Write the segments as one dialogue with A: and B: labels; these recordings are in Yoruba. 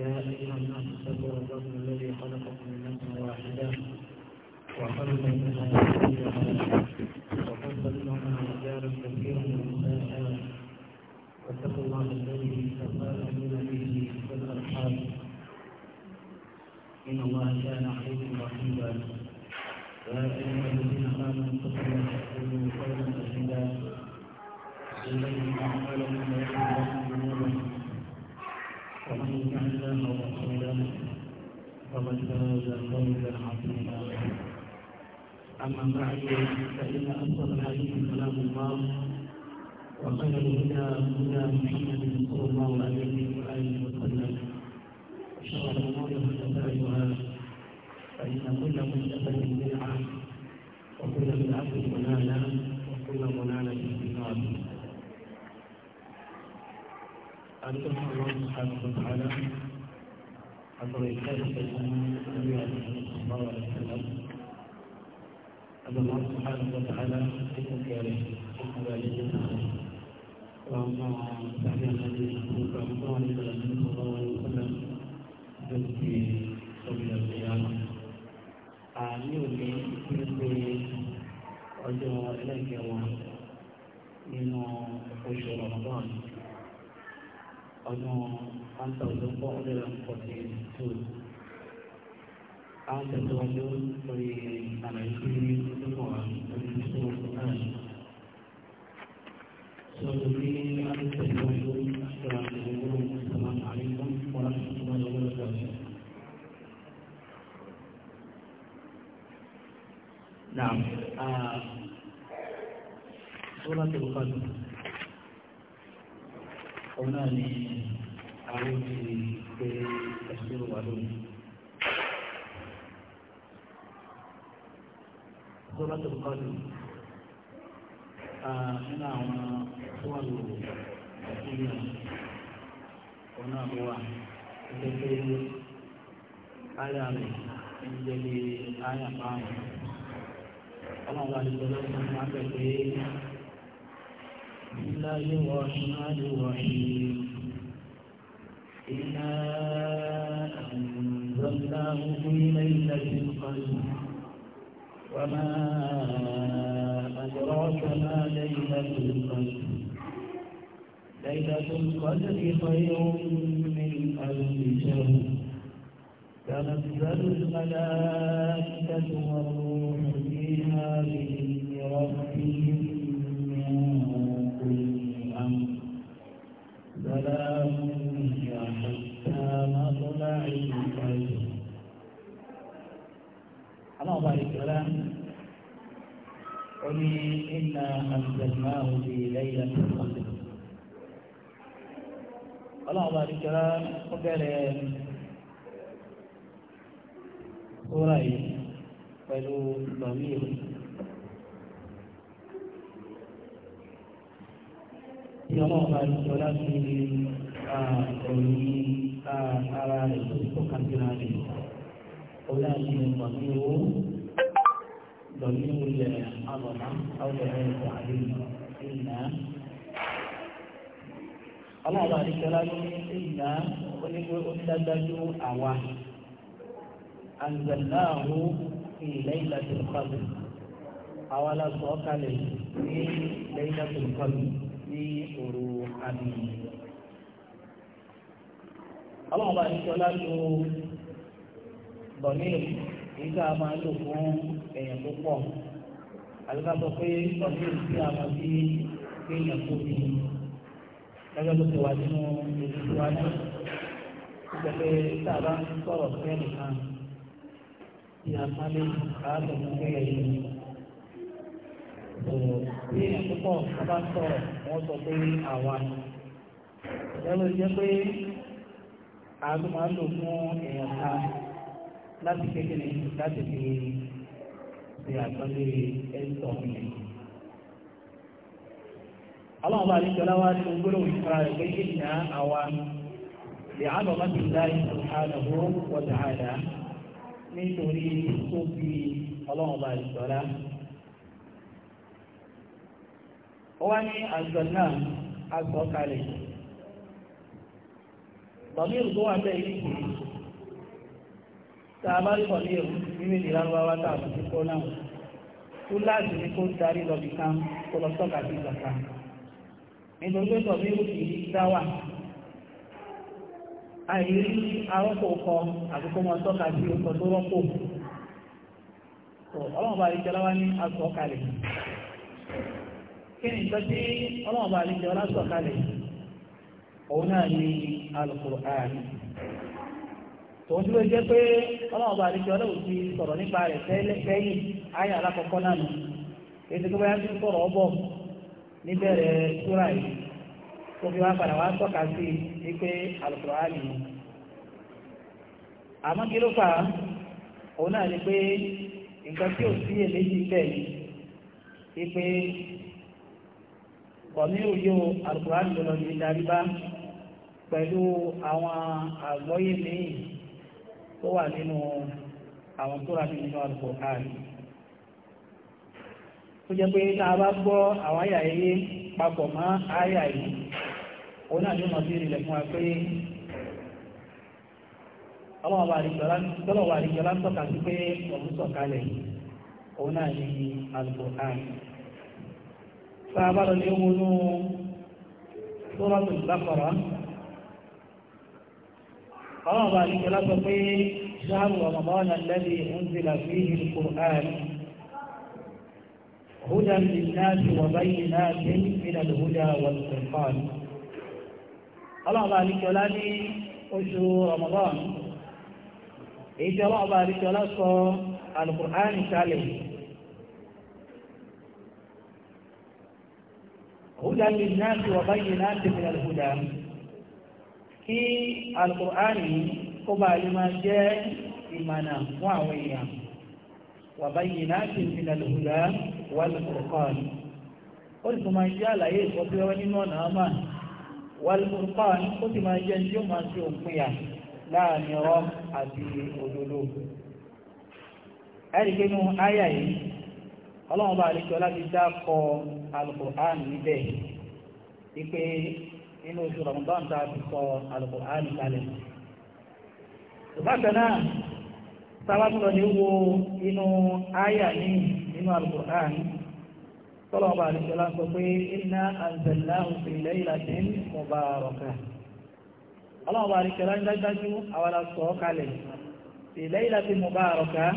A: يا أيها الناس اتقوا ربكم الذي خلقكم من نفس واحدة وخلق منها زوجها وخلق منها رجالا كثيرا ونساء واتقوا الله الذي تساءلون به والأرحام إن الله كان عليكم رحيما يا أيها الذين آمنوا اتقوا الله وقولوا قولا سديدا إليه أعمالكم ويغفر لكم الله ورسوله فقد فاز فوزا عظيما اما بعد فان افضل الحديث كلام الله وخير الهدى هدى محمد صلى الله عليه واله وسلم وشر الامور محدثاتها فان كل محدثه بدعه وكل بدعه ضلاله وكل ضلاله في النار أنتم الله سبحانه وتعالى أثر الخير النبي صلى الله عليه وسلم أن الله سبحانه وتعالى حكمك عليه حكمك عليه وأما تعالى الذي يحكمك رمضان إلى النبي صلى الله عليه وسلم في سبيل القيامة àní òní wípé ọjọ́ ẹlẹ́gbẹ̀ẹ́ wọn nínú oṣù rọ̀mọdọ́ọ̀nù ọdún one thousand four hundred and forty two àwọn tẹ̀síwájú lórí àlàyé tí ó mọ̀ lórí tó náà. sọ̀rọ̀ bí a ti tẹ̀síwájú sọ̀rọ̀ àgbègbè sọ̀rọ̀ àríkọ́ wọn láti tún lọ́wọ́ lọ́wọ́ al-Qadr òun náà ni àwọn ti pé ẹ̀sùn wà lónìí. Sọ́lá tó kọ́ lù nínú àwọn tó wà lò ìlú òun náà ló wà ẹgbẹ́ pé áyà rẹ̀ ń jẹ́ bí áyà márùn-ún. Ọlọ́run wà lè sọ lọ́wọ́ fún wa بسم الله الرحمن الرحيم إنا أنزلناه في ليلة القدر وما أدراك ما ليلة القدر ليلة القدر خير من ألف شهر تنزل الملائكة والروح فيها بإذن ربهم ní iná àǹtẹ̀máwò di lẹ́yìn àtúntò. ọlọ́run bá dìkẹ́rẹ́ ó bẹ̀rẹ̀ sóra yìí pẹ̀lú ìgbàmíyè. ìyọ́nà ọba ìjọ láti ẹ̀yìn ara rẹ̀ tó kàkiri rẹ̀. ọ̀la ìyẹn pàmí owó. ضمير العظمة أو دلالة عليه إن الله عليه
B: السلام إن ونقول أسدد أواه
A: أنزلناه في ليلة القدر أولا صوت في ليلة القدر في أرو أبيه الله عليه السلام ضمير èyí tá a máa lò fún èèyàn tó pọ̀ àlùkàtọ̀ pé ọdún yìí tí a máa fi gbé èèyàn tó bí lọ́jọ́ tó ti wà nínú èdè tó wá náà ìgbẹ́pẹ́ tá a bá ń sọ̀rọ̀ fẹ́ nìkan tí a máa lè káàtọ̀ fún kéèyàn yìí tí èèyàn tó pọ̀ a bá ń sọ̀rọ̀ wọ́n sọ pé àwa lọ́lọ́ jẹ́ pé àlùmọ́ lò fún èèyàn kan láti kékeré láti fi ṣe àtọ́lé ẹ̀ńtọ́ yẹn.
B: Àwọn ọba àdìjọlá wa ti gbọ́dọ̀ ìfara rẹ̀ pé kí ni àwa lè àlọ́ má ti dá ìsọ̀tàdàbò wọ̀tàdà nítorí tó fi ọlọ́run ọba àdìjọlá. Ó wá ní àjọ náà a sọ kalẹ̀.
A: Bàbá ìrùkọ́ wa bẹ́ẹ̀ yìí kìí tàbá sọ ní ẹ̀rù nínú ìdí lárúbáwá tá a ti ti kọ́ náà tó láti ní kó darí lọ
B: bìkan kó lọ sọ́kà sí ìgbàkà nítorí pé sọ bí ó kì í dáwà àìrí arọ́pò kọ àti kó mọ sọ́kà sí ọkọ tó rọ́pò ọlọ́run bá àlejò ọlọ́wà ní aṣọ kalẹ̀ kí ni nǹkan tí ọlọ́run bá àlejò ọlá sọ kalẹ̀ òun náà ní Al-Qur'an àárín tòun dúró jẹ́ pé ọlọ́run bá àdéjọ ọlọ́run ti sọ̀rọ̀ nípa rẹ̀ sẹ́yìn ayé alákọ̀ọ́kọ́ náà nù ètò tó báyá ti ń sọ̀rọ̀ ọbọ̀ níbẹ̀rẹ̀ súrà yìí tó fi wá padà wá tọ́ka sí i pé Al-Qur'ani ni àmọ́ kí ló fà á òun náà ni pé nǹkan tí ò sí èléjì bẹ́ẹ̀ ni pé kọ̀mí òye Al-Qur'ani lọ́lọ́ ní darí bá pẹ̀lú àwọn àgbọ́yé mìíràn tó wà nínú àwọn tó rà nínú Al-Qur'an tó jẹ́ pé tá a bá gbọ́ àwọn àyà yìí papọ̀ mọ́ àyà yìí òun náà ni ó máa fi rìnlẹ̀ fún wa pé ọlọ́wọ́ àríjọlá
A: ń tọ́ka sí pé ọ̀hún sọ̀kalẹ̀ òun náà ni Al-Qur'an sáà bá lọ ní owó nú Suratul Baqarah
B: ọlọ́run bá ní ìjọba sọ pé ṣáàrù ọmọbọ́n alẹ́bí ń zìlà fi ìlú kùrán húdà ní náàbì wà báyìí náàbì nílẹ̀ lòhúdà wà lùkùrán ọlọ́run bá ní ìjọba ní oṣù ọmọbọ́n èyí tí ọlọ́run bá ní ìjọba sọ alùkùrán kalẹ̀ húdà wà báyìí náàbì nílẹ̀ lòhúdà kí alukur'ani kó bá lè máa jẹ́ ìmànà fún àwọn èèyàn wa bayyinatin minal huda wal furqan ó sì máa jẹ́ àlàyé ìfọ́síwẹ́wẹ́ nínú ọ̀nà àmà wal furqan ó sì máa jẹ́ tí ó máa ṣe òpinya láàrin ọ̀rọ̀ àti òdodo ẹ̀rí pé nínú àyà yìí ọlọ́run bá àlejò láti dá kọ alukur'ani níbẹ̀ wípé nínú oṣù Ramadan tá a ti sọ Al-Qur'an kalẹ̀ bákan náà sábàtúrọ̀ ní wo inú àyà ní nínú Al-Qur'an tọ́lọ̀ ọba àdìsọ́lá sọ pé inna anzalnahu fi laylatin mubarakah ọlọ́run ọba àdìsọ́lá ń dájú àwọn aṣọ kalẹ̀ fi laylatin mubarakah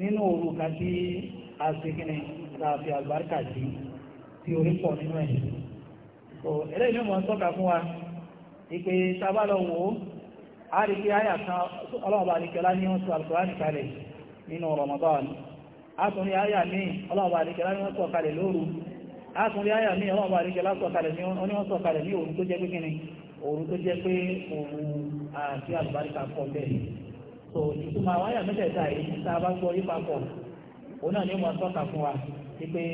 B: nínú òru kan tí a ṣe
A: sí tí orí pọ̀ nínú ẹ̀
B: so eléyìí ló mọ̀ ń tọ́ka fún wa ìpè sábà a rí pé àyà kan ọlọ́run bá nìkẹ́lá ní wọ́n sọ alukurani kalẹ̀ nínú Ramadan a tún ní wọ́n sọ kalẹ̀ a tún rí àyà ní wọ́n sọ kalẹ̀ ní òru tó jẹ́ pé kíni tó jẹ́ pé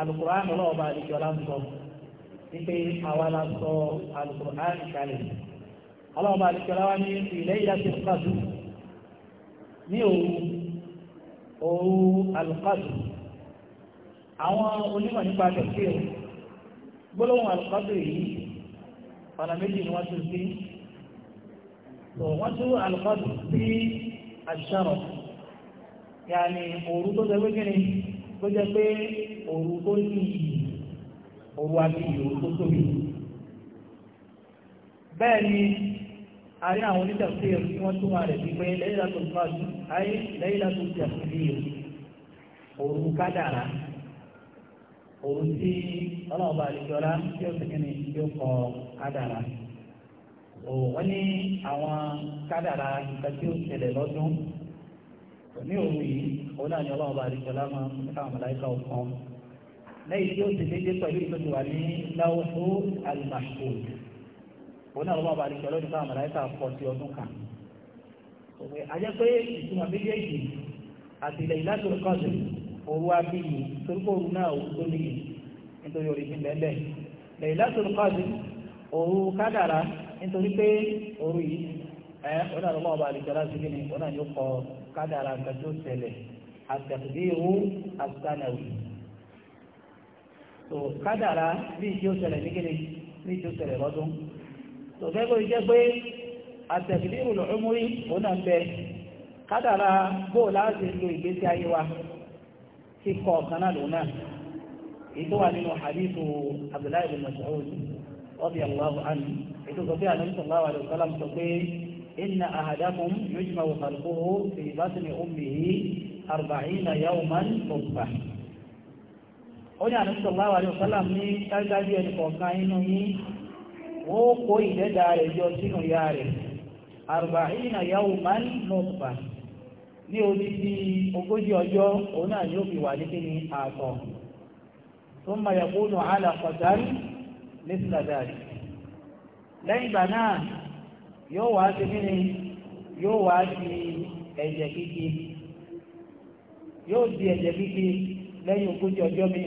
B: alukur'an ọlọ́ọ̀bá àdìjọ́lá ń sọ wípé àwa la sọ alukur'an kalẹ̀ ọlọ́ọ̀bá àdìjọ́lá wá ní ilẹ̀ ìdásí kọ́sù ní òru òru alukọ́sù àwọn onímọ̀ nípa tẹ̀síọ̀ gbólóhùn alukọ́sù yìí ọ̀nà méjì ni wọ́n tún sí tó wọ́n tún alukọ́sù sí aṣọ́rọ̀ yàní òru tó sọ pé tó jẹ́ pé òru tó ní iyì òru abiyì òru tó tóbi. bẹ́ẹ̀ ni a rí àwọn onítàkùn yẹn tí wọ́n túmọ̀ rẹ̀ sí pé
A: lẹ́yìn látò fàájú ayé lẹ́yìn látò tẹ̀kùn yìí òru kádàrá òru tí ọlọ́ọ̀bà àdìjọ́lá tí ó tẹ̀kẹ́ ni yóò kọ kádàrá. wọ́n ní àwọn kádàrá nǹkan tí ó ṣẹlẹ̀ lọ́dún. ní òun yìí òun náà ni ọlọ́run bá àdìsọ lámà káwọn mọ̀láìkà ọ̀kan lẹ́yìn tí ó ti dédé pẹ̀lú ìtọ́jú wà ní láwùjọ alìmọ̀ṣọ́
B: òun náà ọlọ́run bá ọdún kan. òwe ajẹ́ pé ìtumọ̀ méjèèjì àti ilẹ̀ òru òru náà tó nítorí orí ilẹ̀ òru nítorí pé òru yìí ẹ wọn náà lọ́wọ́ bá àlejò aláṣẹ kí ni wọn náà yóò kọ kádàrà nǹkan tó ṣẹlẹ̀ àtẹ̀kùdíhù àtànàwì tó kádàrà bí ìjó ṣẹlẹ̀ ní kíni bí ìjó ṣẹlẹ̀ lọ́dún tó fẹ́ kó jẹ́ pé àtẹ̀kùdíhù lọ́múrí wọn náà bẹ kádàrà bó láti lo ìgbésí ayé wa kíkọ ọ̀kan náà lòun náà èyí tó wà nínú hadithu Abdullahi bin Mas'ud radiyallahu anhu èyí tó sọ pé àlọ́ إن أحدكم يجمع خلقه في بطن أمه أربعين يوما نطفة ó ní àdúgbò sallallahu alaihi wasallam ní dájúdájú ẹni kọ̀ọ̀kan inú yín ó kó ìdẹ́dà rẹ̀ jọ sínú ya rẹ̀ arba'ina yawman nutfa ní orí ti ogójì ọjọ́ òun náà yóò fi wà ní kí ni àtọ̀ thumma yakunu alaqatan mithla dhalik lẹ́yìn yóò wá sí kí ni yóò wá di ẹ̀jẹ̀ kíkí yóò di ẹ̀jẹ̀ kíkí lẹ́yìn ogójì ọjọ́ mi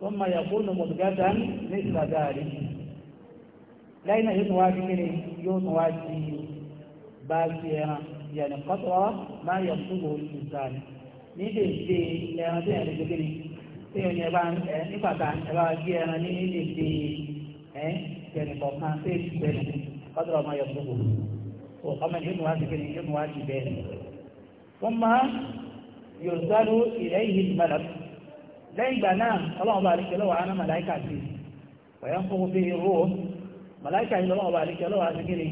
B: tó máa yà kúrò nùmọ̀ gàdá ní ìsìlàdà rí lẹ́yìn náà yóò tún wá sí kí ni yóò tún wá di bá sí ẹran yẹn kọ́tọ́ máa yẹ kúrò ìsìlàdà ní dèjé ẹran tí ẹ̀rẹ́ gbogbo ni tí ẹ̀yìn ẹ̀bá nípàtà ẹ̀bá gé ẹran ní dèjé ẹ̀ tẹ̀lẹ̀kọ̀ọ̀kan tí ẹ̀ kádùrà máa yọ sóko tó ọmọ ìlú nù wá sí kéde ìlú nù wá sí bẹ́ẹ̀ wọ́n máa yorùbáru ilẹ̀ yìí mẹ́lẹ̀ lẹ́yìn ìgbà náà ọlọ́run bá àríkẹ́ lọ́wọ́ aná màláìkà sí wọ́n kó fi ró màláìkà yìí lọ́wọ́ bá àríkẹ́ lọ́wọ́ sí kéde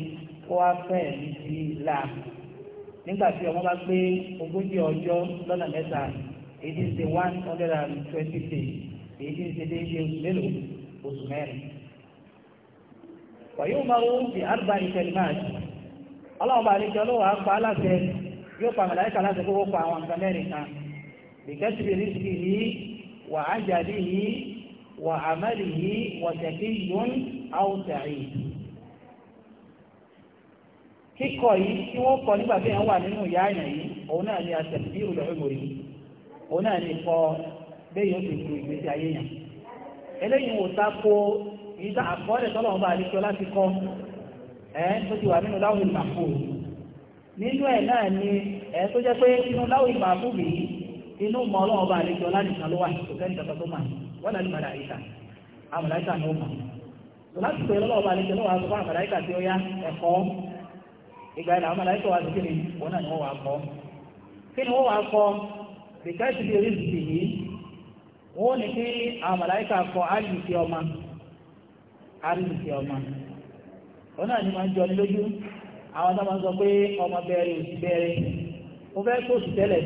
B: kó wá fẹ́ ní ti là nígbà tí ọmọ bá gbé ogójì ọjọ́ lọ́nà mẹ́ta èyí ti ṣe one hundred and twenty days èyí ti ṣe déédéé oṣù mélòó oṣù mẹ́rin wàyí umaru fi arba ìtẹ̀lmáàtì ọlọ́ọ̀bà àríkẹ́ olówà pa aláṣẹ yóò pa màláíkà aláṣẹ kó pa àwọn nǹkan mẹ́rin kan bìkẹ́sìbì rísìkì yìí wà ájàdì yìí wà àmàlì yìí wà tẹ̀kí yún áùtàrí kíkọ yìí tí wọ́n kọ nígbà tí wọ́n wà nínú ìyá yìí òun náà ni àtẹ̀sí olùrẹ́gbò yìí òun náà ni kọ bẹ́ẹ̀ yóò ti èyí tá àkọọ́lẹ̀ tọ́lọ́wọ́n bá àlejò láti kọ́ ẹ́ tó ti wà nínú láwùjọ ìmàkù nínú ẹ̀ náà ni ẹ̀ tó jẹ́ pé inú láwùjọ ìmàkù bì í inú mọ ọlọ́wọ́n bá àlejò láti kan ló wà kò kẹ́ni kankan tó mà wọ́n náà ní màdà ìta àmàláìka ni ó mà láti pè lọ́wọ́ bá àlejò lọ́wọ́ àgbà àmàláìka tí ó yá ẹ̀kọ́ ìgbà ìlà àmàláìka wà lókè ni wọ́n náà ni wọ́n wà kọ́ kí ni wọ́n wà kọ́ bìkẹ́sì bí orí ìsìn yìí wọ́n ní kí àmàláìka kọ́ àyè ti ọmọ àríṣìṣẹ́ ọmọ òun náà ni máa ń jọ ní lójú àwọn tó máa ń sọ pé ọmọ bẹ̀rẹ̀ òsì bẹ̀rẹ̀ mo fẹ́ oṣù tẹ́lẹ̀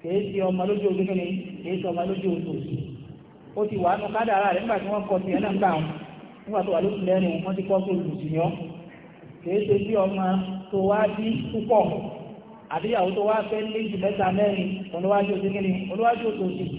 B: kìí ọmọ lójú oṣù kìí ọmọ lójú oṣù oṣù ó ti wà rẹ̀ nígbà tí wọ́n kọ gbà wọn nígbà tó wà lóṣù lẹ́nu ti kọ́ yọ kìí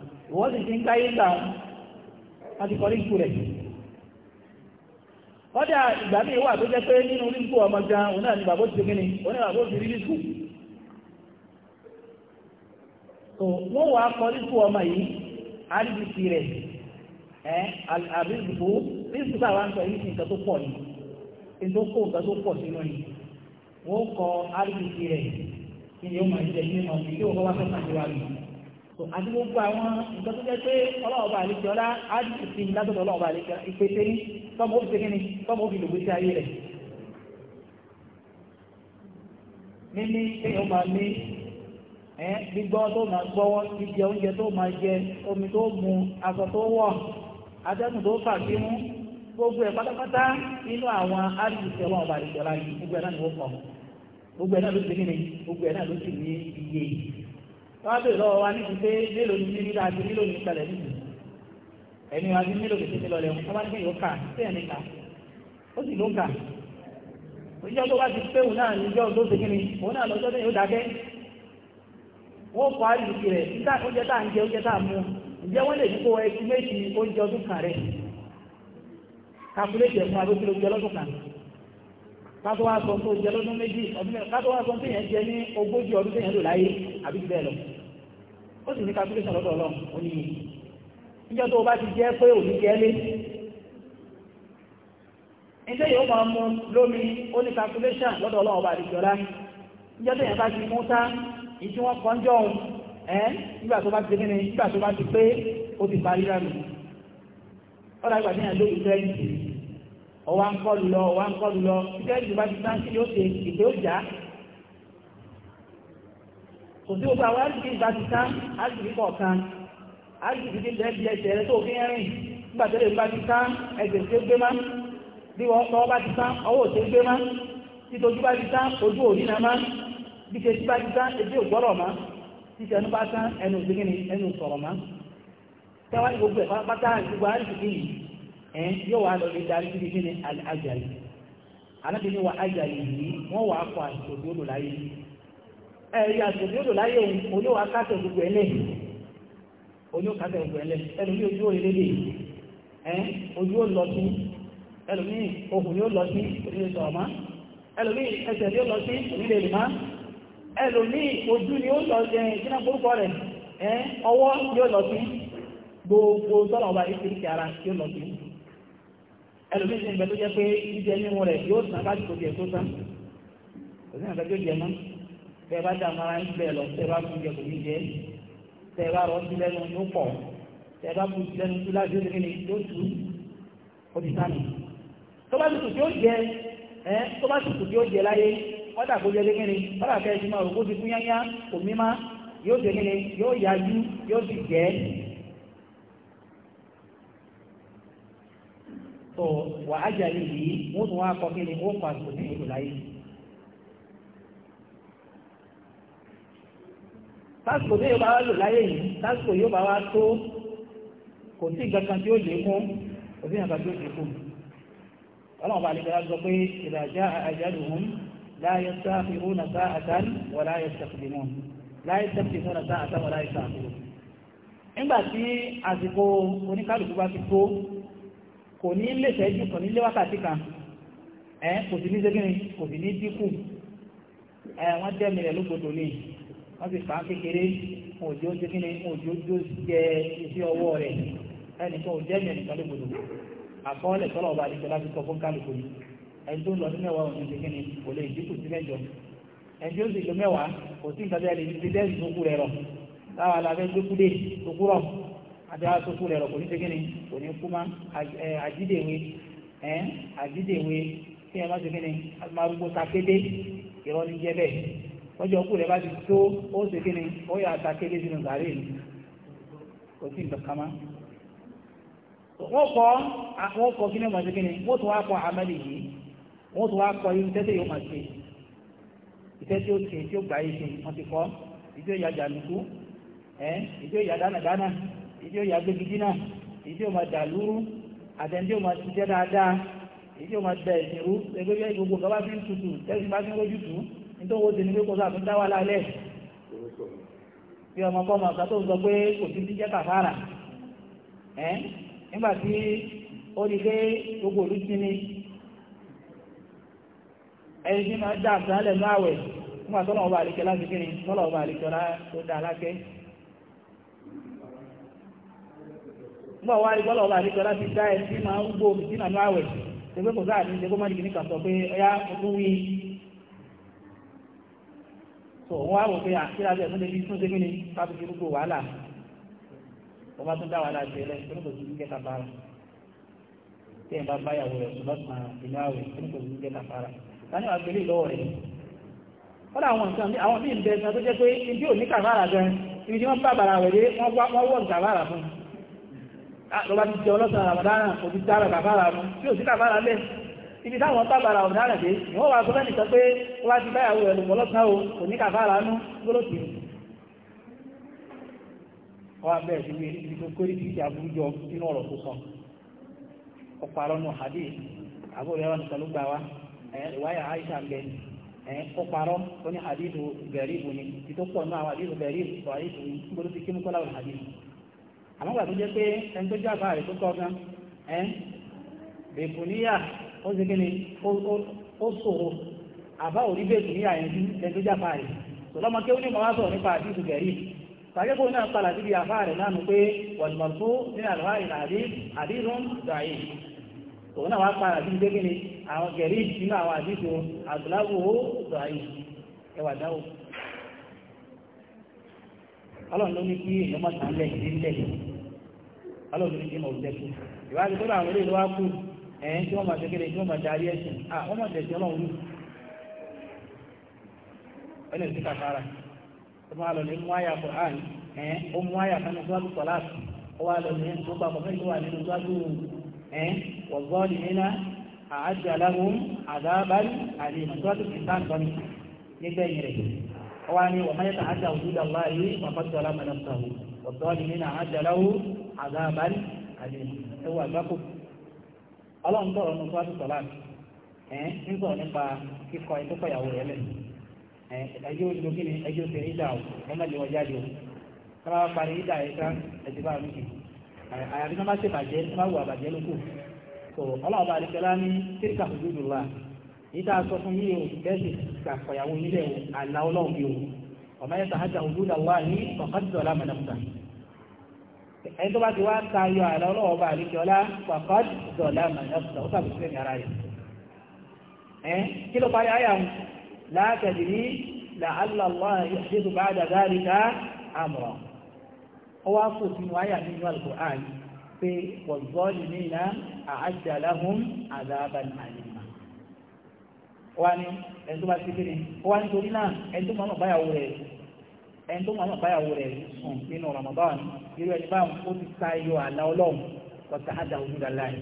B: ìwọ́n sì ti ń káyé gbà láti kọrí ikú rẹ̀ kọ́dà ìgbà mí wà tó jẹ́ pé nínú ríkú ọmọ gan òun náà ni bàbó ti gíní òun náà bàbó ti rí ríkú so wọ́n wà kọ ríkú ọmọ yìí àríbìsì rẹ̀ ẹ́ àríbìsìkú ríkú sáwà ń sọ yìí sí nǹkan tó pọ̀ yìí ètò kó nǹkan tó pọ̀ sínú yìí wọ́n kọ àríbìsì rẹ̀ kí ni ó máa jẹ́ nínú ọ̀sìn tí ó kọ́ wá tó àti gbogbo àwọn nǹkan tó jẹ́ pé ọlọ́ọ̀bà àlejòọ́lá á di ìsìn látọ̀dọ̀ ọlọ́ọ̀bà àlejòọ́lá ìpèsè ní tọ́mọ òfin kíni tọ́mọ òfin lògbé sí ayé rẹ̀ níní kéèyàn máa ní ẹ́ gbígbọ́ tó máa gbọ́wọ́ jíjẹ oúnjẹ tó máa jẹ omi tó mu aṣọ tó wọ̀ atẹ́gùn tó fà sí mú gbogbo ẹ̀ pátápátá nínú àwọn àdìsí ọlọ́run ọba àdìsí ọlá yìí gbogbo ẹ̀ náà ni ló wọ́n lọ lọ́wọ́ wa ní ìgbé mélòó ní nílò àti nílò ní ìpẹ̀lẹ̀ nìyí ẹni wa ní mélòó kìí lọ́lẹ̀ wọn bá ní kà sí ẹni kà ó sì ló ń kà ìjọ tó bá ti náà tó òun náà lọ́jọ́ tẹ́yìn ó dákẹ́ wọ́n àyùkì rẹ̀ oúnjẹ tá à ń jẹ oúnjẹ tá à mú kátó wá sọ tó jẹ lọ́dún méjì ọdún mẹ́rin kátó wá sọ tó yẹn jẹ ní ogójì ọdún tẹ̀yẹn lò láyé àbí jù bẹ́ẹ̀ lọ ó sì ní calculation lọ́dọ̀ ọlọ́run ó ní yìí níjọ́ tó o bá ti jẹ́ pé òní jẹ́ lé níjẹ́ yóò máa mú lómi ó ní calculation lọ́dọ̀ ọlọ́run ọba àdìjọ́lá níjọ́ tó yẹn bá ti mú tá ìtí wọ́n kọ́ ń jọ òun ẹ́ nígbà tó bá ti ọwọ́ ń kọ́ lọ ọwọ́ ń kọ́ lọ títẹ́ ìjọba ti sáńtì yóò ṣe ìgbé òjà kò sí gbogbo àwọn àjùbí ìgbà ti tán àjùbí kọ̀ọ̀kan àjùbí ti lẹ́ di ẹsẹ̀ rẹ tó fi ń rìn nígbà tó lè bá ti tán ẹsẹ̀ tó gbé má bí wọ́n kọ́ bá ti tán ọwọ́ tó gbé má títojú bá ti tán ojú òní náà má bí ṣe tí bá ti tán etí ògbọ́rọ̀ má títí ẹnu bá tán ẹnu òsèkínì ẹnu sọ̀rọ̀ má ẹ̀ẹ́n yóò wá lọ lè darí síbi kí ni àjàlì alábìnrin wa àjàlì yìí wọ́n wà á kọ àṣìṣò tí ó lò láyé ẹ̀rí àṣìṣò tí ó lò láyé òun oníwà kásẹ̀ gbogbo ẹlẹ́ oníwà kásẹ̀ gbogbo ẹlẹ́ ẹlòmí ojú òye lédè ẹ̀ẹ́n ojú ó lọ sí ẹlòmí ohùn yóò lọ sí onílé sọ̀ọ̀má ẹlòmí ẹsẹ̀ yóò lọ sí onílé lùmá ẹlòmí ojú ni ó lọ jẹ́ orúkọ rẹ̀ ẹ̀ẹ́n ọwọ́ yóò lọ sí gbogbo sọ́nà ọba ìfìríkì ara yóò lọ sí ẹlòmí ìsìn ìgbẹ́ tó jẹ́ pé jíjẹ mímu rẹ̀ yóò sàn bá jùlọ jẹ tó sàn mara ń bẹ lọ tẹ bá fún jẹ kò ní jẹ tẹ bá rọ sí lẹ́nu yóò pọ̀ tẹ bá fún sí lẹ́nu tó láti ó ní yóò tú ó ti sànù tó bá tutù tí ó jẹ ẹ tó bá tutù tí ó
A: tó wà á
B: jà yìí wọ́n tún wá kọ́ kí ni wọ́n pa àsìkò tí ìlú láyé. tásìkò tí yóò bá wá lò láyé yìí tásìkò yóò bá wá tó kò sí gankan tí ó lè kún kò sí tí ó lè kún. ọlọ́run bá lè gbára sọ pé ìdájá ajaluhum la yasta'khiruna sa'atan wa la yastaqdimun la yastaqdimuna sa'atan wa la yasta'khirun. nígbà tí àsìkò oníkálukú bá ti tó kò ní lè ṣẹ́jú kò ní lé wákàtí kan ẹ̀ kò sì ní ṣẹ́gìnrin kò sì ní dínkù ẹ̀ wọ́n tẹ́ mi rẹ̀ lókòtò ní wọ́n sì fà á kékeré wọn ò jó ṣẹ́gìnrin wọn ò jó jó jẹ iṣẹ́ ọwọ́ rẹ̀ ẹnìkan ò jẹ́ mi ẹnìkan lókòtò àkọọ́lẹ̀ tọ́lọ̀ ọba àdìsẹ́ láti sọ fún kálukú ni ẹni tó ń lọ sí mẹ́wàá òní ṣẹ́gìnrin kò lè dínkù sí mẹ́jọ ẹni tó sì lọ mẹ́wàá kò sí nǹkan bí ẹni tí dẹ́sì tó kú rẹ̀ rọ̀ adéwà tó kú rẹ̀ rọ̀ kò ní ṣe kíni kò ní kú má àjídèwé ẹ̀ àjídèwé kí ẹ má ṣe kíni máa rúgbó takété ìrọ́ ní jẹ́ bẹ́ẹ̀ ọjọ́ kú rẹ̀ bá ti tó ó ṣe kíni ó yà takété sínú gàrí ni kò sí nǹkan kan má. wọ́n kọ́ wọ́n kọ́ kí ni wọ́n kíni wọ́n tún wá kọ́ amẹ́lì yìí wọ́n tún wá kọ́ irú tẹ́tẹ́ yóò máa ṣe ìfẹ́ tí ó ṣe tí ó gbà yìí ṣe wọ́n ti kọ́ ìjọ ìyá jàǹdùkú ìjọ ìyá dánadáná ìdí ó yà gbégidínà ìdí ó máa dàlúrú àtẹ̀ndí ó máa ṣiṣẹ́ dáadáa ìdí ó máa da ìṣirú ẹgbẹ́ bí gbogbo nǹkan bá fi ń tutù tẹ́sí bá fi ń rojú tù nítorí owó ti ní pé kó sáà fi ń dá wà lálẹ́ bí ọmọ kọ́ màkà tó ń sọ pé kò sí ti jẹ́ kàfàrà ẹ́ nígbà tí ó ní pé gbogbo òlú ti ní ẹni tí máa dá àtàlẹ̀ máa wẹ̀ nígbà tọ́lọ̀ ọba àlekẹ́ láti kí ni tọ́lọ̀ ọba àlekẹ́ tó nígbà wá rí bọ́lá ọba àdéjọ láti dá ẹ tí máa ń gbó omi sínú àánú àwẹ̀ ṣẹgbẹ́ kò sáà ní ṣe kó má dìgbì níkan sọ pé ọyá ọdún wí tó wọn wá wò pé àkíra bẹ́ẹ̀ tún lè fi tún ṣe kíni ká fi gbogbo wàhálà wọn bá tún dá wàhálà ṣe lẹ tó ní kò sí ní kẹta bára tí ẹ bá báyàwó rẹ tó bá tún ìlú àwẹ̀ tó ní kò sí ní kẹta bára tani wàá gbélé lọ́wọ́ rẹ kọ́lá àwọn nǹkan bí àwọn bí ń tó jẹ́ pé ibi ò ní kàfàrà gan ibi tí wọ́n bá bàrà rẹ̀ dé wọ́n wọ́n kàfàrà fún un Ah, lọ́ba ti jẹ ọlọ́sàn àràbàdàrà òbí dára bàbára mú tí ò sí bàbára lẹ̀ ibi táwọn bàbára ọ̀daràn dé ìwọ́n wà sọ fẹ́ni sọ pé wọ́n ti báyàwó ẹ̀lú ọlọ́sàn o kò ní kàfàrà nú gbólóṣì wọ́n abẹ́ ìlú ibi tó kórì ti ti àbúrújọ nínú ọ̀rọ̀ tó sọ ọ̀pọ̀ àrọ́nù àdé àbúrò ẹ̀rọ nìkan ló gbà wá ìwáyà Aisha ń bẹ ni ti tó pọ̀ nú àwọn àdídù bẹ̀rìbù àmọ́ gbà tó jẹ́ pé ẹni tó jẹ́ àbá rẹ̀ tó tọ́ gan ẹ́ bèbù níyà ó ṣe kíni ó ṣòro àbá òrí bèbù níyà yẹn bí ẹni tó jẹ́ àbá rẹ̀ tòlọ́mọ kí ó ní màá sọ̀rọ̀ nípa àdìsù gẹ̀rí tàgẹ́kọ̀ọ́ náà padà síbi àbá rẹ̀ náà nù pé wàlùmọ̀tò ní àlùfáà ìlà àdìsù dàí òun náà wá padà síbi pé kíni àwọn gẹ̀rí nínú àwọn àdìsù àgbàláwò dàí ẹwà dáwò ọlọ́run ló ní kí èèyàn mọ̀ tán lẹ̀ ní lẹ̀ ọlọ́run ló ní kí mo jẹ́ kú ìwádìí tó bá àwọn olóyè ló wá kú ẹ̀yìn tí wọ́n máa ṣẹ́kẹ́lẹ̀ tí wọ́n máa darí ẹ̀sìn à wọ́n máa tẹ̀sí ọlọ́run lù ẹni sí kàkàrà tó máa lọ ní mú àyà kọ̀ àn ẹ̀yìn ó mú àyà kan ní sọ́ọ́dún sọ́láàtì ó wá lọ ní tó gbà kọ̀ọ̀kan tó wà nínú ọwá ní wọ́n mẹ́ta ajá òjúdà láàyè pàpàtó alámọ̀lẹ́sàwò ọ̀tọ́ ni nínú àjáláwò
A: àgbàbárí àti ẹwà àgbákò ọlọ́run tọ̀rọ̀ nù fún àtúntọ̀ láti ẹ̀ ń sọ̀rọ̀ nípa kíkọ ẹ̀ tó kọ̀ ìyàwó rẹ̀ lẹ̀
B: ẹjọ́ òjò kí ni ẹjọ́ ti ìdá o ẹ má lè wọ jáde o tí wọ́n bá parí ìdá yẹn tán ẹ̀sìn bá mi kì àyàfi tí wọ́n bá ṣèbàjẹ́ tí wọ́n bá wù àbàjẹ́ lóko so ọlọ́run bá níta sọ fún yíò bẹ́ẹ̀sì gbàfọ̀yàwó nílẹ̀ àlà ọlọ́run bí o ọmọ ẹ̀ta hajj àwùjọ́dà wà ní ọ̀kadìdọ̀lá mọ̀nàmùtà ẹni tó bá ti wá tayọ àlà ọlọ́run ọba àlejòọlá ọ̀kadìdọ̀lá mọ̀nàmùtà ó tàbí sílẹ̀ ní ara rẹ̀ ẹ kí ló parí àyà ń láàkẹ́dì ní làálà wà yóò bá dàdáàrí ká àmọ̀ ọ wá wá ní ẹni tó bá ti kéde wá nítorí náà ẹni tó mọ̀mọ́ báyàwó rẹ̀ ẹni tó mọ̀mọ́ báyàwó rẹ̀ sùn nínú Ramadan irú ẹni báwọn ó ti ta iyọ̀ àlá ọlọ́run ọ̀tá àdá òjúdà láì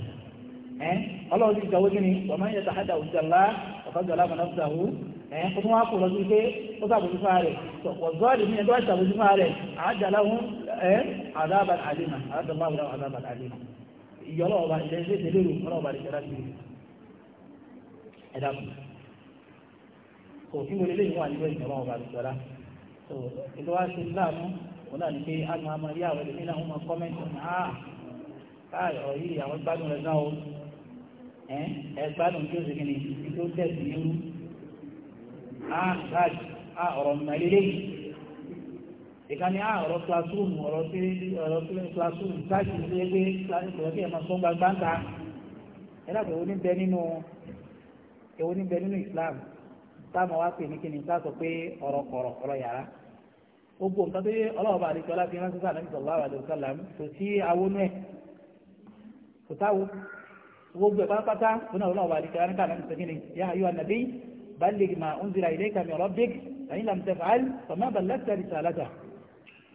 B: ẹ́ ọlọ́run ti gbàwó kí ni wọ́n máa ń yẹta àdá òjúdà lá ọ̀fájọ́ aláàmọ̀nà ọ̀tá wú ẹ́ ó tún wá kó lọ sí pé ó sàbójú fún ààrẹ wọ̀zọ́ọ̀dì ní ẹjọ́ ìsàbójú fún ààrẹ àájà láwọn ẹ́ àdábàl àdínà àdàbàl àdàbàl àdínà ìyọ́lọ́ọ̀bà ìdẹ́sẹ̀ tẹ̀lé rò ọlọ́ọ̀bà ìjọba ti rí òfin wo lélẹ́yìn wà nílò ìjọba ọba àdìsọ́lá so ètò wa ṣe láàmú òun náà ni pé a máa máa rí àwọn ẹlẹ́mí náà wọ́n máa kọ́mẹ́ntì náà ah, káàrọ̀ yìí àwọn gbádùn rẹ̀ náà o ẹ gbádùn tí ó ṣe kìnnì tí ó tẹ̀sí ní irú a ráàjì a ọ̀rọ̀ mẹ́lẹ́lẹ́ yìí ìkànnì a ah, ọ̀rọ̀ classroom ọ̀rọ̀ tí ọ̀rọ̀ tí classroom táàkì Islam táwọn wá pè ní kíni ká sọ pé ọ̀rọ̀ kọ̀rọ̀ ọ̀rọ̀ yàrá gbogbo nǹkan tó yẹ ọlọ́ọ̀bá àdìsọ́ láti ránṣẹ́ sáà nàbí sọ̀lá àdìsọ́ sálàm kò sí awonú ẹ̀ kò sáwo gbogbo ẹ̀ pátápátá fúnà ọlọ́ọ̀bá àdìsọ́ ránṣẹ́ sáà nàbí sọ kíni yá ayú ànàbí balẹ̀ ma ń zira ilé kàmi ọ̀rọ̀ bíg ẹ̀yin làm tẹ̀ fàál tọ̀mọ́ balẹ̀tẹ̀ àdìsọ́ alájà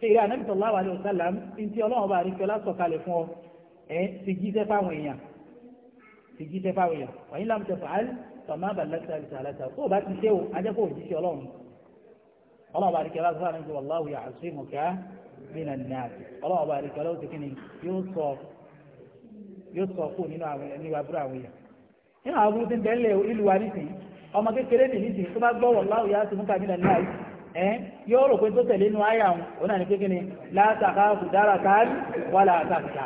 B: ìrẹ́ ànàbí sọ̀lá àdìsọ́ sálàm ntí ọlọ́ọ̀bá ẹ̀ tọ̀mọ́ àbàlẹ́sẹ̀ àlẹ́sẹ̀ tó o bá ti ṣe o ajẹ́ kó o jíṣẹ́ ọlọ́run ọlọ́run bá dìkẹ́ lásán ní wàláwù yà àṣírí mọ̀ká nínú nàìjíríà ọlọ́run bá dìkẹ́ lọ́wọ́ tìkínní yóò sọ yóò sọ kú nínú àwọn ẹni wa búrọ̀ àwọn èèyàn nínú àwọn burúkú bẹ́ẹ̀lẹ̀ ìlú wa nísìnyí ọmọ kékeré nì nísìnyí tó bá gbọ́ wàláwù yà àṣírí mọ̀ká nínú nàìjíríà ẹ̀ yóò rò pé tó tẹ̀lé inú ayà òun náà ní kékeré látàkà kùdárà káàdì wàlà àtàkà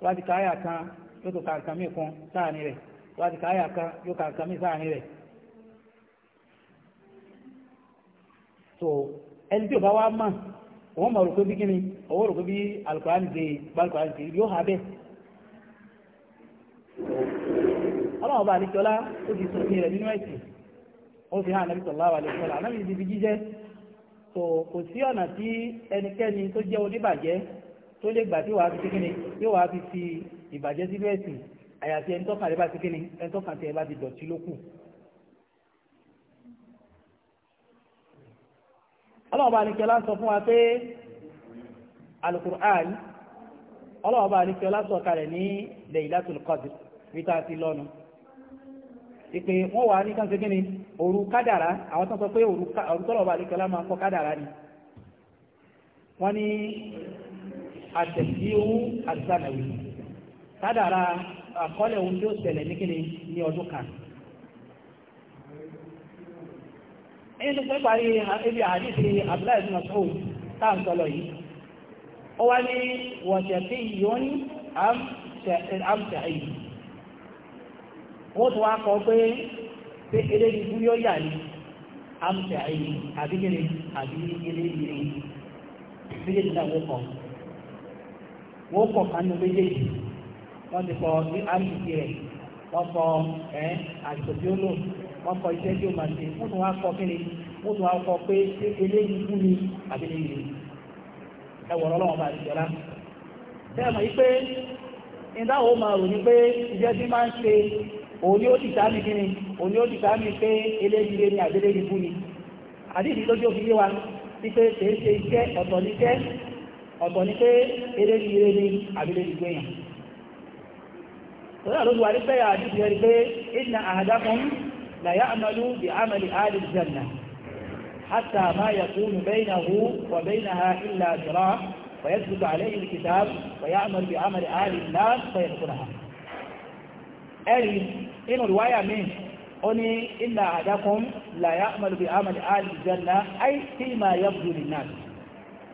B: tó bá ti ka àyà kan yóò tó ka nǹkan míì kún rẹ̀ tó bá kan yóò ka nǹkan míì rẹ̀. so ẹni tí ò bá wá mọ̀ òun mọ̀ rò pé bí kíni òun rò pé bí alukurani ṣe balukurani ṣe yóò ha bẹ́ẹ̀. ọlọ́run ọba àlejòlá ó ti sọ sí nínú ẹ̀sìn ó fi hàn nàbí sọ̀lá wàlẹ̀ sọ̀lá nàbí ti fi jíjẹ́ so kò sí ọ̀nà tí ẹnikẹ́ni tó jẹ́ oníbàjẹ́ tó lè gbà tí wàá fi kíni yóò wàá fi fi ìbàjẹ́ sínú ẹ̀sìn àyàfi ẹni tọ́kàn rẹ bá ti kíni ẹni tọ́kàn tẹ ẹ bá ti dọ̀tí ló kù.
C: ọlọ́ọ̀bá alikẹ́lá sọ
B: fún wa pé alukur'an ọlọ́ọ̀bá alikẹ́lá sọ kalẹ̀ ní Laylatul Qadr níta ti lọ́nu ìpè wọ́n wà ní kánṣe gíní òru kádàrá àwọn tán sọ pé òru tọ́lọ̀bá alikẹ́lá máa kọ kádàrá ni wọ́n ní àtẹ̀síwú àtìsánàwì kádàrá àkọọ́lẹ̀ ohun tí ó ṣẹlẹ̀ ní kíni ní ọdún kan ẹni tó pẹ́ parí ibi àdísí abdullahi bin masoud táà ń sọlọ yìí ó wá ní wọ̀ṣẹ̀fí yóní àmṣẹ̀ẹ́yì wọ́n tó wá kọ pé pé eléyìí bú yóò yà ní àmṣẹ̀ẹ́yì àbí kíni àbí eléyìí rí bí lè dínà wọ́pọ̀ wọ́n kọ̀ kánú méjèèjì wọ́n ti kọ bí àìsí rẹ̀ wọ́n kọ ẹ́ àìsàn wọ́n iṣẹ́ tí ó máa ṣe kí ni pé ṣé eléyìí àbí ní ìlú ẹ wọ̀rọ̀ bá ìdáhùn máa rò ní pé wa ṣe iṣẹ́ ọ̀tọ̀ ọ̀tọ̀ ní pé eré ní eré ní àbílẹ̀ ìgbé èèyàn tọ́lá ló wà ní pẹ́yà àdíjì rẹ̀ pé inna ahadakum la àmàlú bi 'amali ahli al-janna hatta ma yakunu baynahu wa baynaha illa zira' fa yasbiqu alayhi al-kitab fa ya'malu bi 'amali ahli an-nar fa yadkhulaha ẹ̀rí inú riwaya mi ó ní inna ahadakum la ya'malu bi 'amali ahli al-janna ay fima yabdu lin-nas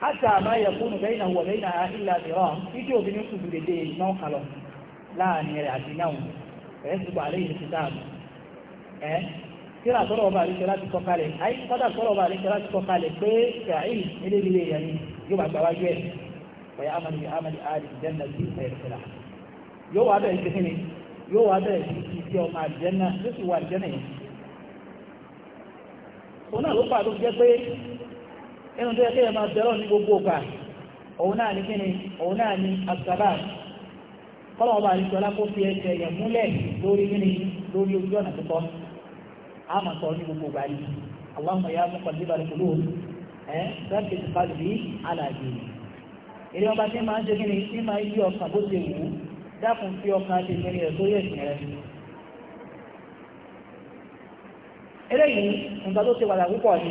B: hátà ma yẹ kúnnù bẹ́yìnà wọ̀ bẹ́yìnà ilà mìíràn títí iji kù ju dédé no kalọ̀ láàrin rẹ̀ ati náà ẹ̀ ṣùgbọ́n alẹ́ yìí ti dáàbò ẹ̀ kíra sọ́rọ̀ ọba àríṣẹ́ láti kọ́ kalẹ̀ ayé kọ́dà sọ́rọ̀ kira àríṣẹ́ láti kọ́ kalẹ̀ pé ṣàìl eléyìí ya ni ba bá gbàwájú ẹ̀ ya amadu yà amadu ali ti wa inú tó yẹ kí ẹ máa bẹ̀rọ̀ ní gbogbo ọgbà òun náà ní kíni òun náà ní àṣàbà kọ́lọ̀ ọba àríṣọ́lá kó fi ẹsẹ̀ ẹ̀yẹ̀ múlẹ̀ lórí kíni lórí ojú ọ̀nà tó tọ́ a máa sọ ní gbogbo ọgbà yìí Allahumma ya muqallibal qulub ẹ̀ sẹ́ẹ̀kì ti pàdé bí alàjì èrè ọba tí máa ń ṣe kíni tí máa yí ọkàn bó ṣe wù dákun fi ọkàn ti fi rẹ̀ sórí ẹ̀sìn rẹ̀ eléyìí nǹkan tó ṣe wàlà púpọ̀ ni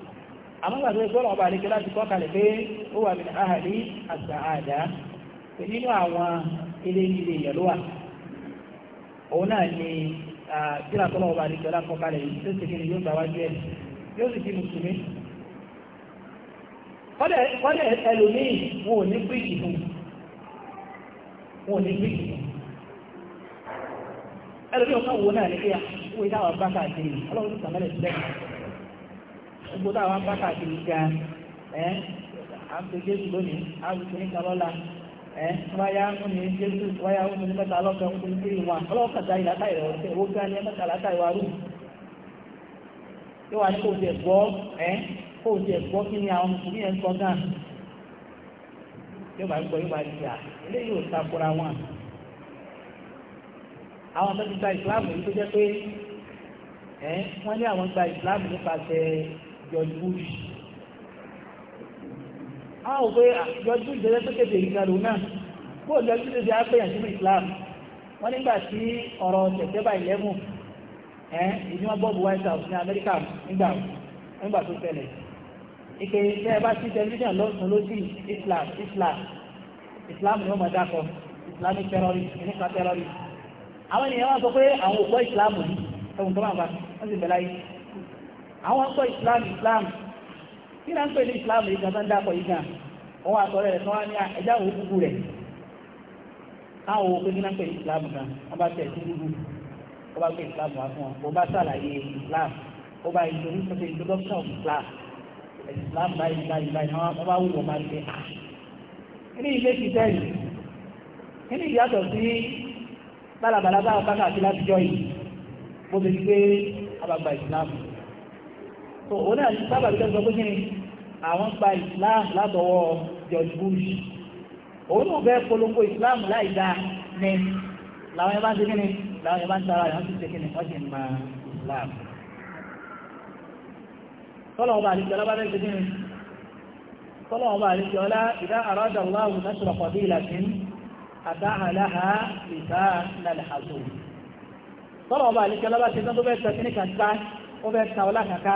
B: àmọ́gbàtí ìgbọ́nà ọba àríkẹ́ láti kọ́ kalẹ̀ pé ó wà mí àhàlí àgbà àdá nínú àwọn ilé ilé ìyẹ̀lúwà òun náà ni tíra tọ́lọ̀ ọba àríkẹ́ láti kọ́ kalẹ̀ yìí tó sì kí ni yóò gbà wájú ẹ̀ yóò sì kí mùsùlùmí kọ́dẹ̀ ẹlòmíì wọn ò ní píìkì fún wọn ò ní píìkì fún ẹlòmíì ọkọ̀ wo náà ní pé àwọn ah, ìdáwà bá káàkiri ọlọ́run ti sàmẹ́lẹ̀ sílẹ̀ gbogbo táwọn ń bá káàkiri ga ẹ́ à ń pe jésù lónìí à ń pe níta lọ́la ẹ́ wáyá ń jésù wáyá ń mẹ́ta lọ́kẹ́ ń kiri wọn ọlọ́kàtà ìlàtà ìrọ̀lẹ́ owó gá ní mẹ́ta látà ìwà rú yóò wá ní kò tiẹ̀ gbọ́ ẹ́ kò tiẹ̀ gbọ́ kí ni àwọn mùsùlùmí yẹn ń sọ náà yóò máa ń gbọ́ yóò máa di à eléyìí ò takora wọn àwọn tó ti gba ìsìláàmù yìí tó jẹ́ pé ẹ́ wọ́n ní àwọn gba ìsìláàmù nípasẹ̀ George Bush a ò pé ah, George Bush jẹ́ tó kéde ìgbàlù náà kó George Bush jẹ́ àpẹyàn sínú Islam wọ́n nígbà tí ọ̀rọ̀ September 11 White House ní Amẹ́ríkà nígbà tó tẹ̀lẹ̀ ike tẹ́ ẹ sí tẹlifíṣàn lọ́sùn Islam Islam Islam ni wọ́n mọ̀ dákọ̀ Islamic terrorist nípa terrorist àwọn ènìyàn wọ́n sọ pé àwọn òpó Islam tó máa bá wọ́n àwọn sọ islam islam kí náà ń pè ní islam èyí kan tó ń dápọ̀ yìí kan òun àtọ̀rẹ́ rẹ̀ tó wá ní ẹja òun gúgú rẹ̀ káwọn òun pé kí náà ń pè ní islam kan wọ́n bá tẹ̀ sí gúgú wọ́n bá pè islam wá fún wọn wọ́n bá sàlàyé islam wọ́n bá ìṣòro ní sọ́kè introduction of islam islam báyìí báyìí báyìí wọ́n bá wù wọ́n bá gbé à ní ilé ti tẹ́ yìí kí ni ìyàtọ̀ sí bálabàlá bá wọn bá káàkiri láti jọ yìí so òun náà ní sábà bíkẹ́ sọ pé kí ni àwọn gba islam látọwọ́ george bush òun náà fẹ́ polongo islam láì dá ní làwọn yẹn bá ń ṣe kí ni làwọn yẹn bá ń tara rẹ̀ wọ́n ti ṣe kí ni wọ́n ti mọ islam tọ́lọ̀ ọba àlejò ọlá fẹ́ ṣe kí ni tọ́lọ̀ ọba àlejò ọlá ìdá àrádà Allahu nasra qabilatin àtàhàláhà ìta lálàhàtò tọ́lọ̀ ọba àlejò ọlá ṣe tán tó fẹ́ ṣe kí ni kàkà ó fẹ́ ta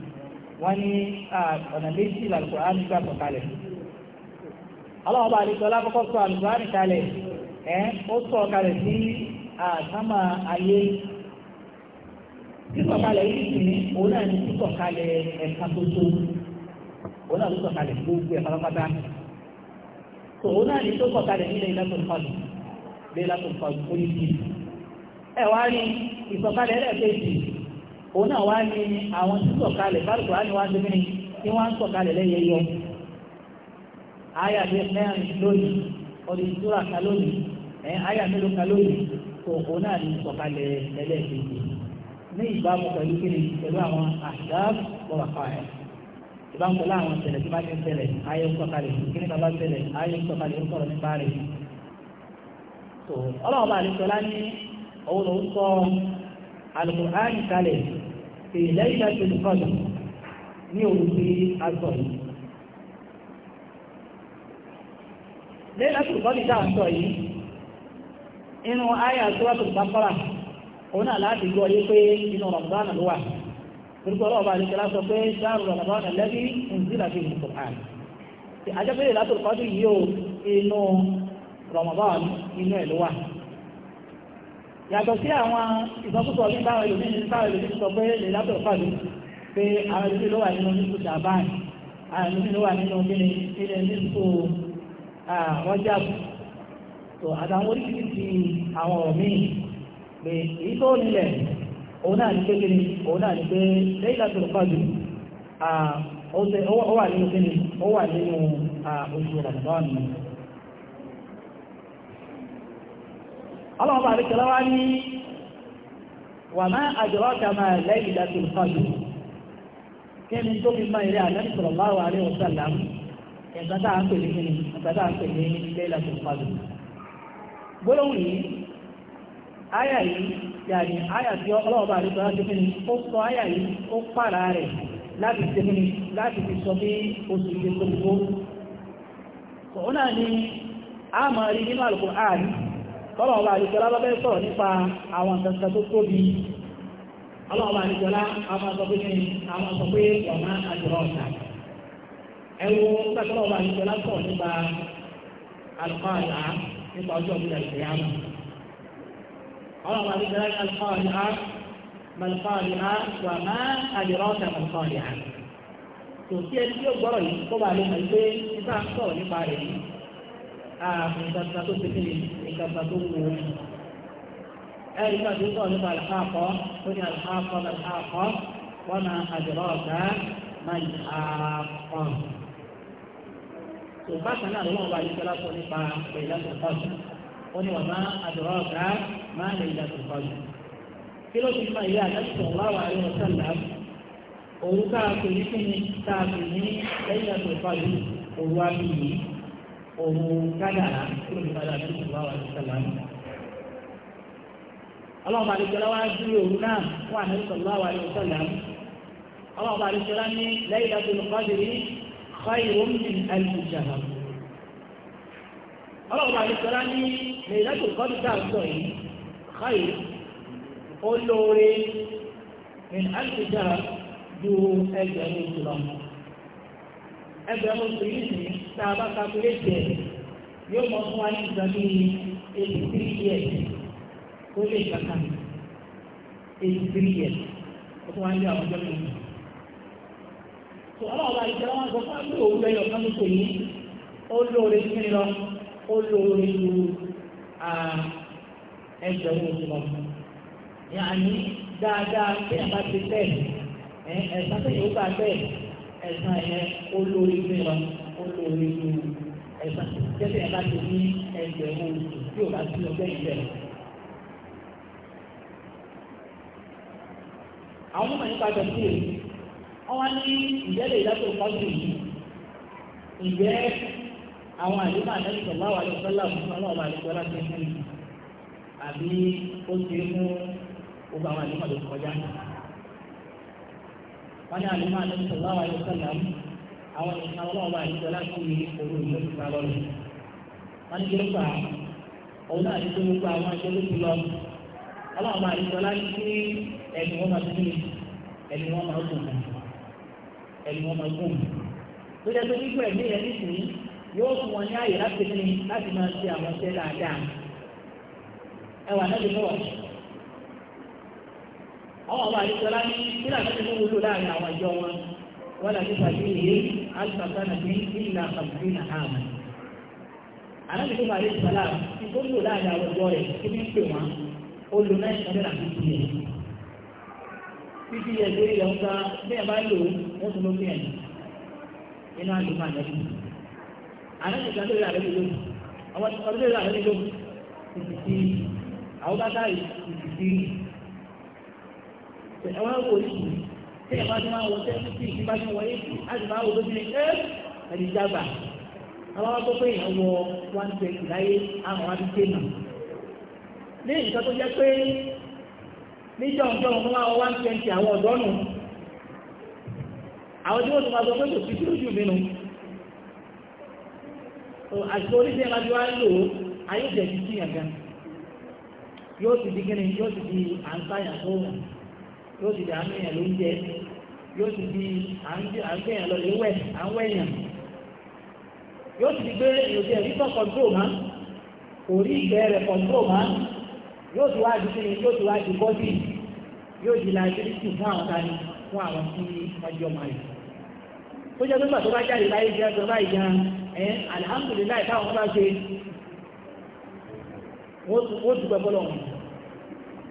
B: wọ́n ní ọ̀nà méjì làlùkùrán gbà sọ̀ kalẹ̀ ọlọ́wọ́ bá àlejò alákọ̀ọ́kọ́ sọ àlùkùrán kalẹ̀ ẹ̀ ó sọ kalẹ̀ sí àtàmà ayé sísọ̀kalẹ̀ yìí sì ni òun náà ní sísọ̀kalẹ̀ ẹ̀ka tó tó òun náà ló sọ̀kalẹ̀ gbogbo ẹ̀ pátápátá tòun náà ní tó sọ̀kalẹ̀ nílẹ̀ ilẹ̀ tó ń ó ní kí ẹ̀ wá rí ìsọ̀kalẹ̀ ẹlẹ́ẹ̀kejì òun náà wá ní àwọn tí sọ̀kalẹ̀ bárùkù á ní wá dúmí tí wọ́n ń sọ̀kalẹ̀ lẹ́yẹyọ àyà mẹ́rin lónìí ọdún ìtura kan lónìí ẹ̀ àyà mélòó kan lónìí tó òun náà ní sọ̀kalẹ̀ ẹlẹ́ẹ̀kejì ní ìbámu pẹ̀lú kí ni pẹ̀lú àwọn àdáàb bọ̀wà fáyà ìbámu pẹ̀lú àwọn ìṣẹ̀lẹ̀ tí máa ń ṣẹlẹ̀ ayé ń sọ̀kalẹ̀ kí ni bàbá ṣẹlẹ̀ ayé ń sọ̀kalẹ̀ ń sọ̀rọ̀ nípa rẹ̀ tó ọlọ́run bá àlejò lá ní òun ló ń sọ Al-Qur'an kalẹ̀ في ليلة القدر ní òun tí a sọ yìí lẹ́lẹ́tù bọ́lì dáa sọ yìí inú ayà sọ́rọ̀tù bàbára òun náà láti gbọ́ yé pé inú rọ̀mùbánà ló wà torípọ̀ ọlọ́ọ̀bá àdìsẹ́lá sọ pé sáàrù rọ̀mùbánà lẹ́bí ìzílà fi mú kùrán àjẹ́pẹ́lẹ̀ látòkọ́dù yìí ó inú rọ̀mùbánà inú ẹ̀ ló wà yàtọ̀ sí àwọn ìsọkúsọ ní báwọn ìlú ní báwọn ìlú sọ pé lè látọ̀ fàdú pé àwọn ìlú ló wà nínú nípò sàbáàn àwọn ìlú ló wà nínú gíní ilẹ̀ nípò rọ́jàbù tó àtàwọn oríṣiríṣi àwọn ọ̀rọ̀ míì pé èyí tó nílẹ̀ òun náà ní pé gíní òun náà ní pé lẹ́yìn látọ̀ fàdú ó wà nínú gíní ó wà nínú oṣù rọ̀mọ̀dọ́ọ̀nù ọlọ́ọ̀bá àríkẹ́lá wá ní wà máa àjọ́ọ́ta máa lẹ́yìn láti ìfàjú kí ni tó fi máa ilé àlẹ́bí sallallahu alaihi wasallam ẹ̀gbá tá à ń pè ní kíni ẹ̀gbá tá à ń pè ní ilé láti ìfàjú gbólóhùn yìí áyà fi sọ bí oṣù ìgbésókòó òun náà ni a máa rí nínú Al-Qur'an tọ́lọ̀ ọba bẹ́ẹ̀ nípa àwọn tó tóbi a máa sọ pé ní a máa pé ọ̀nà ọba àdìjọlá nípa alùpàá àlá nípa ọjọ́ ìgbìyà ìgbìyàmù ọlọ́ọ̀ba àdìjọlá ní alùpàá àlá malùpàá àlá wà má àjọrọ̀ ọ̀tà tí ó gbọ́rọ̀ yìí kó lè mọ̀ pé nípa nǹkan tó tẹ́kẹ́ nǹkan tó wù ú.
A: ẹ̀rí ká tó sọ̀rọ̀ nípa àlùfáàkọ́ tó ní àlùfáàkọ́ àlùfáàkọ́ wọ́n na àjọ̀rọ̀ ọ̀gá máa yí àkọ́. tó bá kan náà
B: lọ́wọ́ àyè sọ́lá sọ nípa ìlànà kọ́ọ̀tù ó ní wọ́n máa àjọ̀rọ̀ ọ̀gá máa lè ìlànà kọ́ọ̀tù. kí ló ti fa ìyá àdáṣọ láwà àríwá sọ́lá òru
A: káàkiri kí ni káàkiri ní lẹ́yìn àtòkọ́ọ̀tù òru àbíyí òun kádàrá kúrò nípa ìlànà ìṣòwò àwọn
C: àdìsọ́lá
A: ọlọ́run bá àdìsọ́lá wá dúró òun náà fún àdìsọ́lá àwọn àdìsọ́lá ọlọ́run
B: bá àdìsọ́lá ní lẹ́yìn láti olùkọ́dìrí khayrun min alf shahr ọlọ́run bá àdìsọ́lá ní lẹ́yìn láti olùkọ́dìrí àwùjọ yìí khayrun olóore min alf
A: ju ẹgbẹ̀rún jùlọ
B: ẹgbẹ̀rún tìrìsì tá a bá calculate ẹ̀ yóò mọ fún wa ní ìgbà bí eighty three years ó lè kàkà eighty three years ó fún wa ní àwọn ọjọ́ mi. sọ̀rọ̀ ọ̀la ìjẹ́ wọn sọ fún àgbẹ̀ òwúrọ̀ ẹ̀yọ̀ kan lóko yìí ó lóore
A: sí mi lọ ó lóore lu ẹgbẹ̀rún oṣù lọ.
B: yàní dáadáa bí àbá ti tẹ̀ ẹ̀ ẹ̀ sáfẹ́ yóò bá tẹ̀
A: ẹ̀sán ẹ̀yẹ olórí mìíràn olórí ìlú ẹ̀sán tẹ́tẹ́ ẹ̀ bá ti ní ẹgbẹ̀rún tí ò bá sí ọgbẹ́ ìfẹ́.
B: àwọn ọmọ nípa tẹ̀sí wọn wá ní ìjẹ́lẹ̀ ìdájọ́ ìpàdé yìí ìjẹ́ àwọn àdúgbò àtẹ́sọ̀ bá wà lọ́sọ́lá fún ọlọ́ọ̀bà àdúgbò àti ẹ̀sìn àbí ó ti mú gbogbo àwọn àdúgbò àti kọjá náà. wọ́n ní
A: àlùmọ́ àdéhùn sọ̀rọ̀ àwọn àyè sọ̀rọ̀ àwọn ìṣàn ọlọ́ọ̀bà àyíjọ láti rí òru ìlú ìta lọ́rùn. wọ́n ní yóò gbà òun náà àdéhùn gbogbo àwọn ìṣẹ́ ló ti lọ ọlọ́ọ̀bà àyíjọ láti rí ẹni wọn máa tún ẹni wọn máa gùn
B: ẹni wọn máa gùn. tó jẹ́ pé nígbà ẹ̀mí yẹn yóò fún wọn ní láti ní láti máa ṣe àwọn dáadáa àwọn ọba àdìsọ́lá ní kílà tẹ́lẹ̀ tó wúlò láàrin àwọn ìjọ wọn wọ́n làbí pàdé ìlé alùpàtà nàbí ìlà àbùkù nà àmà alábi tó bá àdìsọ́lá tí tó wúlò láàrin àwọn ìjọ rẹ̀ kí ní pè wọ́n ó lò náà ìṣẹ́lẹ̀ àti ìpìlẹ̀ títí ẹgbẹ́ ilẹ̀ ń gba bí ẹ bá lò ó tún ló fihàn inú àdùnmọ̀ àdàbí alábi kan tó lè àdàbí lónìí ọmọ ọdún tó lè àdàbí lónìí títí àwọn bá ẹ̀wọ́n wò ní ìlú tí bá ti máa wọ sẹ́fìtì tí bá ti wọ éjì láti máa wọ lóbi ẹ́ ẹ̀dì jágbà àwọn akọ́ pé èèyàn wọ one twenty láyé àwọn wá fi ní nǹkan tó jẹ́ pé níjọ́ nǹkan wọn máa ma one twenty àwọn ọ̀dọ́ nù àwọn tí wọ́n ti máa sọ pé kò sí sílójú mi nù. àti oníṣẹ́ ìrìnàjò wa di kíni yóò ti yóò sì di àánú èèyàn ló ń jẹ yóò sì di àgbẹ̀yàn lọ léwẹ̀ àwọn èèyàn yóò sì di gbé ìròyìn ẹ̀rí tó kọ̀ǹtró má kò rí ìgbẹ́ rẹ̀ kọ̀ǹtró má yóò ti wá di ni yóò ti wá di bọ́dì yóò di làjẹ́rìsì fún àwọn tani fún àwọn tí wọ́n jọ máa jẹ́ pípa tó bá jáde láyé jẹ́ ẹ̀ alihamudulilayi táwọn bá ṣe wọ́n ti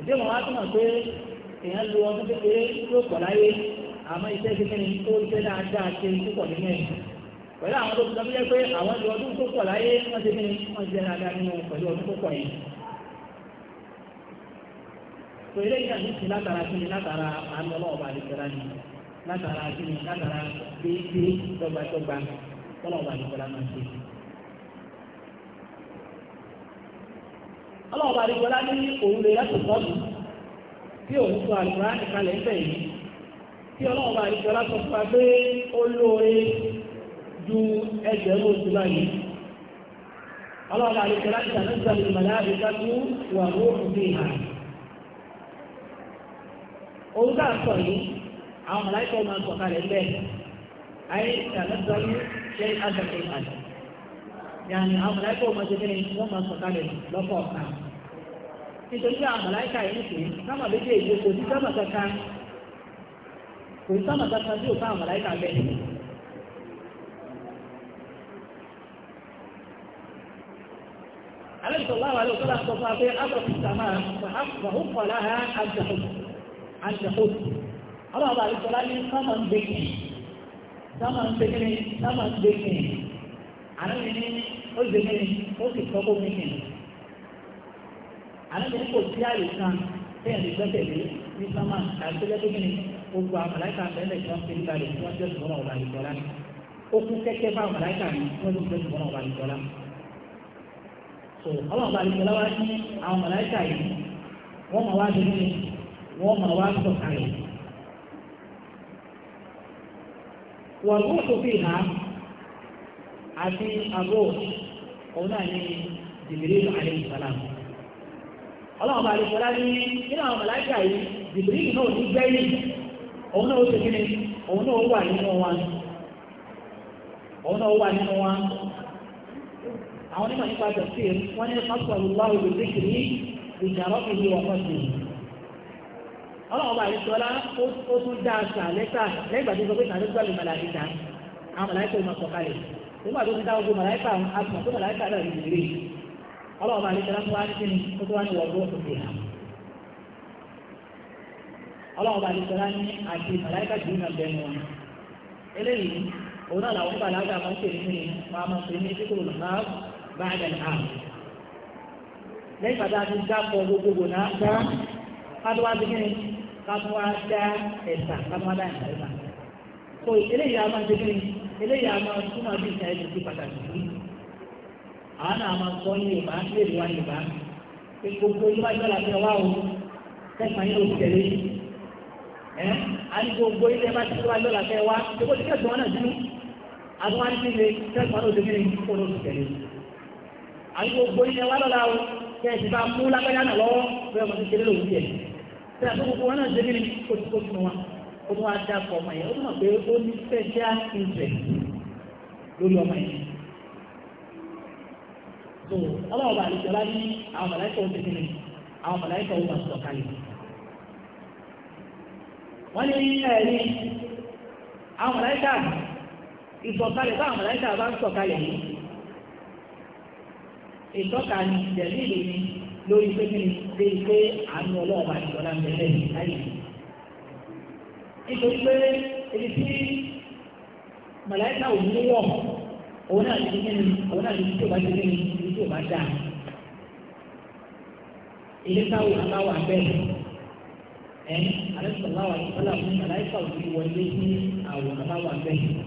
B: ìdí wọn wá túmọ̀ pé èèyàn lu ọdún kékeré yóò pọ̀ láyé àmọ́ iṣẹ́ kékeré tó iṣẹ́ dáadáa ṣe púpọ̀ nínú ẹ̀ pẹ̀lú àwọn tó sọ pé àwọn lu ọdún tó pọ̀ láyé wọ́n ṣe kékeré wọ́n ṣe dáadáa nínú pẹ̀lú ọdún tó pọ̀ yìí. tó ilé ìjà ní ti látara kí ni látara àánú ọlọ́ọ̀bà àdìsẹ́ra ni látara kí ni látara déédéé dọ́gbadọ́gba ọlọ́ọ̀bà àdìsẹ́ra máa ń ṣe. ọlọ́wọ́ bá dìgbọ́lá ní òun lè láti sọ́ọ̀tù tí òun sọ àlùkò láti kalẹ̀ ń bẹ̀ yìí tí ọlọ́wọ́ bá dìgbọ́lá sọ fún wa pé ó lóore ju ẹgbẹ̀rún oṣù báyìí ọlọ́wọ́ bá dìgbọ́lá ti sàlẹ̀ sọ ìmọ̀lá àbíkájú wà ní òfin ìhà òun tá a sọ yìí àwọn mọ̀láìkọ́ máa ń sọ̀kalẹ̀ ń bẹ̀ ayé sàlẹ̀ sọ ní ṣe àgbàkẹ́ ìhà yàní àwọn mọ̀láìkọ́ máa ń sọ̀kalẹ̀ lọ́pọ̀ ọ̀kan nítorí àwọn màláìkà yìí ya sámà méjì èyí kò sí sámà kankan kò sí sámà kankan tí ò fún àwọn màláìkà bẹ́ẹ̀
C: alẹ́ ìsọ̀lá wà ló sọ́lá sọ fún
B: wa pé ábọ̀tí sàmà wàhùn kọ̀lá ha àjàkóòtù ọlọ́ọ̀bà ìsọ̀lá ní sámà ń gbé sáma ń gbẹ́kẹ́ sáma ń ó ó sì àlejò kò sí àyè kan bẹ́ẹ̀ ni gbẹ́tẹ̀lé ní sámà àìsílẹ́gbẹ́gbẹ́ ni gbogbo àwọn màláìka bẹ́ẹ̀ kan fi ń balẹ̀ tí wọ́n jẹ́ ìṣòro ọ̀la ìjọba ni ó kún kẹ́kẹ́ fáwọn màláìka ni wọ́n ti jẹ́ ìṣòro ọ̀la ìjọba. so àwọn ọ̀la ìjọba wá ní àwọn màláìka yìí wọ́n máa wá dúró ni wọ́n máa wá sọ̀ kalẹ̀. wọ́n rú òfin ha ọlọ́run bá lè fọ́lá ní nínú àwọn màláíkà yìí jìbìrìlì náà ní gbẹ́yìn òun náà ó ṣe kíni òun náà wà nínú wọn òun náà wà nínú wọn àwọn onímọ̀ nípa tẹ̀sí wọ́n ní fásitì olùdíkìrí ìjàrọ́ ìlú ọkọ̀ sí ọlọ́run bá lè fọ́lá ó tún dá àṣà lẹ́tà lẹ́gbàá tó sọ pé sàlẹ́ gbọ́lù màláíkà àwọn màláíkà ò ọlọ́ọ̀bá àlejòlá tó wá ní kíni ó tó wá ní wọ̀dọ́ òkè hàn ọlọ́ọ̀bá àlejòlá ní àti màláìkà jù náà bẹ̀rù wọn eléyìí òun náà làwọn bàlágà máa ń pè ní kíni máa máa pè ní kíkó lùhàb báyìí lùhàb lẹ́yìn pàtó àti dápọ̀ gbogbogbò náà dá kátó wá sí kíni kátó wá dá ẹ̀sà kátó wá dá ẹ̀sà ẹ̀sà so eléyìí a máa ń kíni eléyìí a máa túmọ̀ bí ìṣẹ́ àwọn náà máa sọ ní yorùbá léèrè wa yorùbá pé gbogbo yóò bá jọ́la fẹ́ wá o kẹsàn-án yóò fi tẹ̀lé ẹ́ àti gbogbo ilé bá ti wá jọ́la fẹ́ wá gbogbo ti kẹsàn-án náà dúró àtúwá ní ilé kẹsàn-án náà dúró ní kó ló fi tẹ̀lé àti gbogbo ilé wa lọ́la o kẹsì bá mú lágbájá náà lọ́wọ́ bẹ́ẹ̀ mo ti kéré lòun tiẹ̀ tẹ́lẹ̀ tó gbogbo wọn náà dé nílé kó tó fún wa ó tún wá dá ọmọ yẹn ó mọ̀ pé ó ní special tó ọlọ́wọ́ bá àlejò ọlá ní àwọn mọ̀láìkọ̀ ọ̀sẹ̀ kìíní àwọn mọ̀láìkọ̀ ọ̀wọ́ àti ọ̀kalẹ̀.
C: wọ́n ní ẹ̀rí
B: àwọn mọ̀láìkà ìsọ̀kalẹ̀ bá àwọn mọ̀láìkà bá ń sọ̀kalẹ̀ yìí ìtọ́ka ni ìjẹ̀lú ìlú ni lórí pé kí ni dé pé àánú ọlọ́wọ́ bá àlejò ọlá ń bẹ̀rẹ̀ láyé nítorí tí ò bá dáa ilé táwọn aláwọ̀ abẹ́rẹ́ ẹ alẹ́sọ̀ aláwọ̀ àtúntàlà fún aláìsà òbí wọlé ní àwọn aláwọ̀ abẹ́rẹ́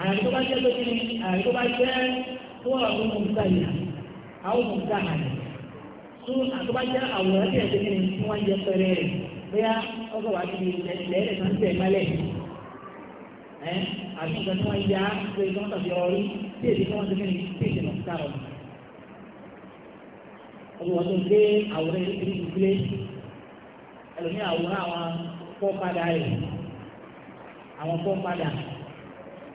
B: àyàn tó bá jẹ́ pé kí ni àyàn tó bá jẹ́ tó wà fún mọ̀mùtà yìí àwọn mọ̀mùtà àyàn tó àtúbá jẹ́ àwòrán tí ẹ̀ tẹ́kẹ́ ni wọ́n jẹ́ pẹ́rẹ́ rẹ̀ bóyá ọgọ́ ti lẹ́ẹ̀rẹ̀ tó ń yìí ẹ́ àbí nǹkan tí wọ́n ya pé kí wọ́n tàbí ọrí tí èdè tí wọ́n ti mẹ́rin tí èdè náà sára ọ̀nà. olùwọ́n tó ń gbé àwòrán ilé ìlú ìdílé ẹlòmí àwòrán àwọn fọ́padà rẹ̀ àwọn fọ́padà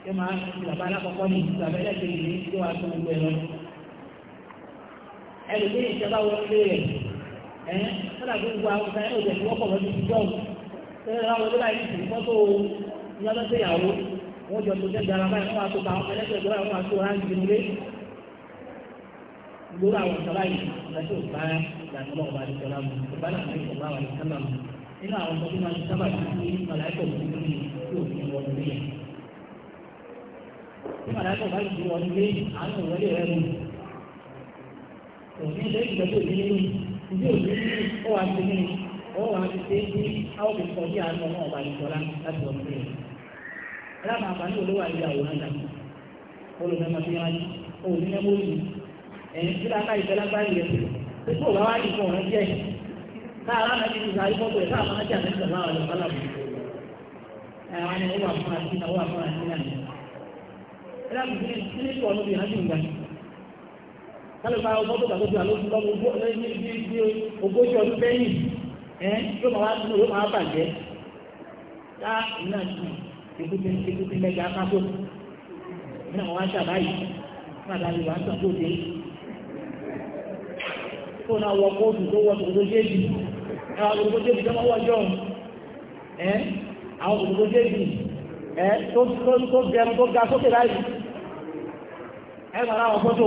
B: tí máa ń fi bàbá alákọ̀ọ́kọ́ ní bàbá ẹlẹ́gbẹ̀ẹ́ ìlú tí wọ́n á tó gbogbo ẹ̀ lọ. ẹlòmí ìjọba wọlé rẹ̀ ẹ̀ kọ́dà gbogbo àwọn ọ̀sán ẹ̀ ní ọjọ́ sí ìyàwó wọ́n jọ tó jẹ́jẹ́ ara báyìí wọ́n wá tó ta ẹlẹ́gbẹ̀ẹ́ ìjọba wọ́n wá tó rá ìdí nílé gbogbo àwọn ìjọba yìí lọ́sọ̀
A: bá ìlànà ọba náà ní wà ní nínú àwọn máa ń sábà tó ní tó ní wọn
B: lé ẹ̀rọ àǹfààní olówó àyè àwòrán olùfẹ́mọ̀ fi rájú òun ní ẹgbẹ́ òyìn ẹ̀yìn tí láńkà ìfẹ́ lágbáyé rẹ̀ pé kó bá wá ní fún ọ̀rẹ́ díẹ̀ náà ti sàá yí fọ́tò ẹ̀ káàmù náà jà ní sàmà ọ̀rẹ́ kálàbù ẹ̀rọ ni ó wà fún náà ẹ̀rọ àbùkù ní ọ̀nà bìí ìgbà ogójì ọdún bẹ́yìn ẹ̀ yóò máa wá ekúté mẹ́ta kápò ní àwọn aṣà báyìí nígbà tí wọ́n sàn tó dé tó náà wọ kóòtù tó wọ tòkòtò jéèbì àwọn tòkòtò jéèbì tó wọ́n wọ́jọ́ ẹ̀ àwọn tòkòtò jéèbì ẹ̀ tó gẹ̀rù tó ga sókè báyìí ẹ̀ máa láwọn fọ́tò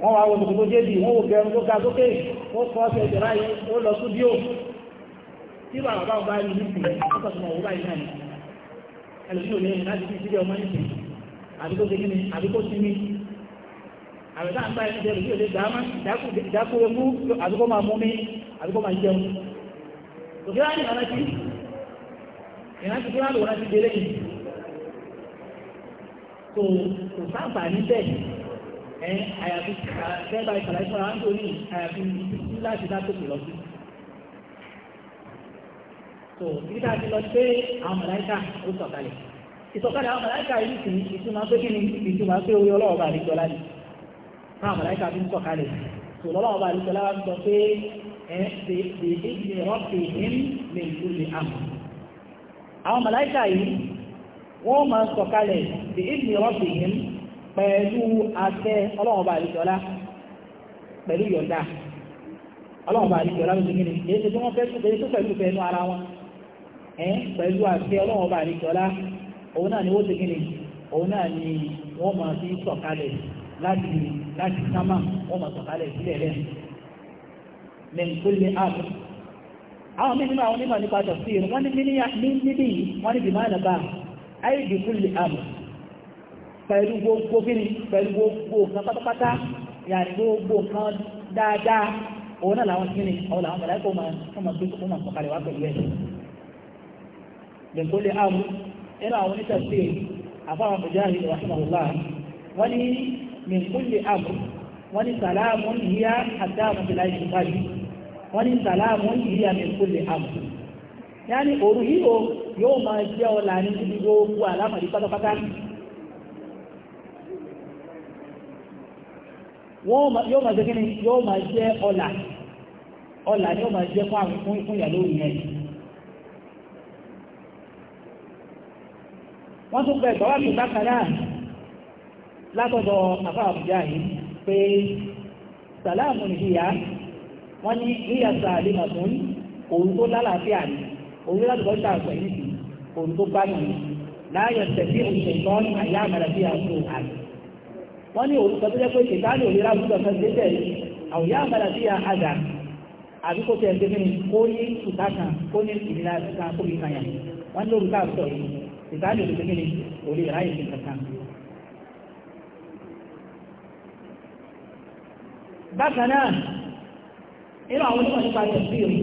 B: wọ́n wá wọ tòkòtò jéèbì wọ́n wò gẹ̀rù tó ga sókè ó kọ́ ọ̀sẹ̀ ìjọba yìí ó lọ súdíò tí bàbá bá yìí nísìnyí ẹlòmí ò lè rìn láti fi sílẹ̀ ọmọ nìkan àbí kó segin ni àbí kó sinmi àbí tá à ń bá ẹni ẹlòmí ò lè dáama dákú ewu àbí kó máa mú mi àbí kó máa jẹun òkè láti ìrànà ti ìrántí kí wọ́n lò rántí délé yìí tó kò sáǹfà ní bẹ́ẹ̀ ẹ̀ àyàfi fẹ́ tó ibi tá a ti lọ pé àwọn màláíkà ó sọ̀kalẹ̀ ìsọ̀kalẹ̀ àwọn màláíkà yìí sì ní ìtumọ̀ pé kí ni ìtumọ̀ pé orí ọlọ́ọ̀bà àdìjọlá ni káwọn màláíkà fi ń sọ̀kalẹ̀ tó lọ́wọ́ bá àdìjọlá wa sọ pé ẹ ṣe èdè ìdílé rọ́ọ̀kì ní lè tó lè àmọ́ àwọn màláíkà yìí wọ́n máa sọ̀kalẹ̀ di ìdí rọ́bì yìí pẹ̀lú àṣẹ ọlọ́ọ̀bà àríjọlá pẹ̀lú yọ̀dá ọlọ́ọ̀bà àríjọlá ló ti gíní èyí tó wọ́n fẹ́ pẹ̀lú pẹ̀lú pẹ̀lú ara wọn ẹ́ pẹ̀lú àti ọlọ́run ọba àríkọ́lá òun náà ni wọ́n ti kí ni òun náà ni wọ́n máa fi sọ̀kalẹ̀ láti láti sámà wọ́n máa sọ̀kalẹ̀ sílẹ̀ lẹ́nu mẹ́ntólé ààbò àwọn mímọ̀ àwọn mímọ̀ nípa tọ̀sí wọ́n ní níbi wọ́n ní bìmọ̀ ànàbà ayé gbogbo gíní pẹ̀lú gbogbo pátápátá gbogbo dáadáa òun náà lẹ́kọ́lẹ̀ àmú ẹ̀rọ àwọn onítàṣe àfáwọn mujahid rahimahullah wọ́n ní mẹ́kọ́lẹ̀ àmú wọ́n ní sàlámù ìyá àdáàmù ti láì ṣùgbájú wọ́n ní sàlámù ìyá mẹ́kọ́lẹ̀ àmú yáni òru yíò yóò máa jẹ́ ọ̀la ní ibi gbogbo àlámàrí pátápátá yóò máa jẹ́ kí ni yóò máa jẹ́ ọ̀la ọ̀la ni yóò máa fún ìyàlóyìn ẹ̀yìn wọ́n tún pẹ̀ gbọ́wà tó bákan náà látọ̀dọ̀ àfá àbújá yìí pé sàlámù nìyíyá wọ́n ní níyà sàálì màtún òun tó lálàáfíà ní òun láti bọ́ sáà pẹ̀lú ìsìn òun tó bá nù láàyò tẹ̀sí òṣèlú ìtọ́n àyà àmàlàfí àti òhàlì wọ́n ní òun kan tó jẹ́ pé ìtàlì òun láti bọ́ sáà dédé àwòyá kó ní ìtàkàn kó kó ní ìkàyà wọ́n ní lórúkà sọ yìí ìsáájú òdòdó kí ni kò lè ráyè sí kankan. bákan náà inú àwọn onímọ̀ nípa tẹ̀síìrì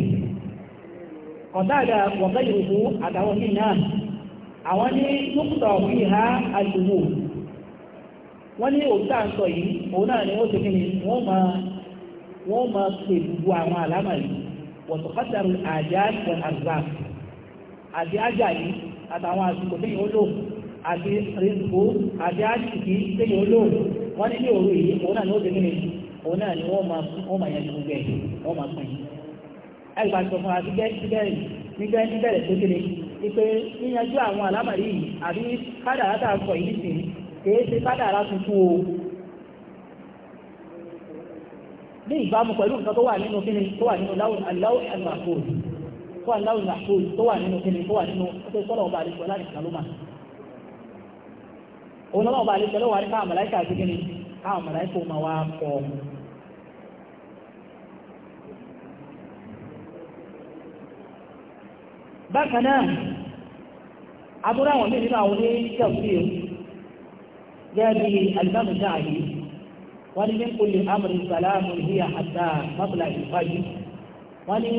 B: ọ̀dáàdà wọ̀gẹ́ ìrùkú àtàwọn míì náà àwọn ní lókùtà ọ̀gbìn ìhá àjòwò wọ́n ní òkúta ń sọ yìí òun náà ni ó ti kíni wọ́n máa wọ́n máa pè gbogbo àwọn àlámà yìí wọ̀tọ̀kọ́tà àjá àti àgbà àti àjà yìí àtàwọn àsìkò tí yóò lò àti rìsìkò àti àsìkò tí yóò lò wọ́n ní ní òru yìí òun náà ni ó ti kíni òun náà ni wọ́n máa yẹn gbogbo ẹ̀ wọ́n máa pín ẹ̀rù bá sọ fún wa níbẹ̀ níbẹ̀rẹ̀ tó kéde ìpè yíyanjú àwọn àlámàrí yìí àbí kádàrá tá a kọ yìí sí kìí ṣe kádàrá tuntun o ní ìbámu pẹ̀lú nǹkan tó wà nínú kíni tó wà nínú aláwọ̀ tó wà láwùjọ àpò tó wà nínú kíni tó wà nínú ọtẹ sọlọ ọba àlejò láti kàlùmà òun ọlọ́ọ̀ba àlejò lọ́wọ́ àríkà àmàláìkà àti kíni káwọn àmàláìkà ó máa wá pọ̀ bákan náà abúrú àwọn míì nínú àwọn oníṣẹ́ọ̀sí o gẹ́gẹ́ bí alimami sáàyè wọ́n ní min kulli amrin hatta mabla al-fajr wọ́n ní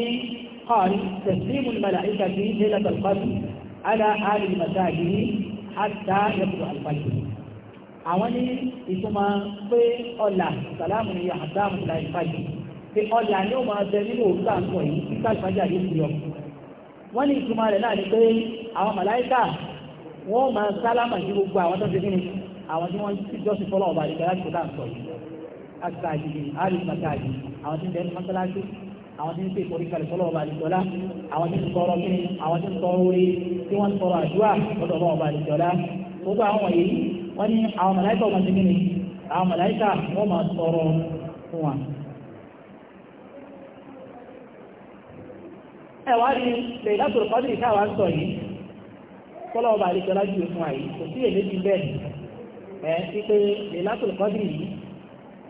B: قال تسليم الملائكة ليلة القدر على أهل المساجد حتى يطلع الفجر àwọn ní ìtumọ̀ pé ọ̀là sàlámù ni àdáàmù la ìfàjì pé ọ̀là ni ó máa bẹ nínú òkúta nǹkan yìí tí káàkiri àyè ti yọ wọ́n ní ìtumọ̀ rẹ̀ náà ni pé àwọn màláìkà wọ́n máa sálámà sí gbogbo àwọn tó ti kí ni àwọn tí wọ́n ti jọ́ sí fọ́lọ́ ọ̀bà ìgbà láti kó dáǹsọ̀ yìí àti àjèjì àrùn màtàjì àwọn tí ń bẹ ní mọ́sálásí àwọn tí ń pè kórí kalẹ̀ fọlọ́ ọba àdìsọ́lá àwọn tí ń tọrọ kíni àwọn tí ń tọrọ orí tí wọ́n ń tọrọ àdúrà lọ́dọ̀ ọba ọba àdìsọ́lá gbogbo àwọn wọ̀nyí wọ́n ní àwọn màláìkà ọmọ ti kíni àwọn màláìkà wọ́n máa tọrọ fún wa. ẹ wá rí Lailatul Qadr káwa ń sọ yìí fọlọ́ ọba àdìsọ́lá jù fún wa yìí kò sí èlé ti bẹ́ẹ̀ ẹ sí pé Lailatul Qadr yìí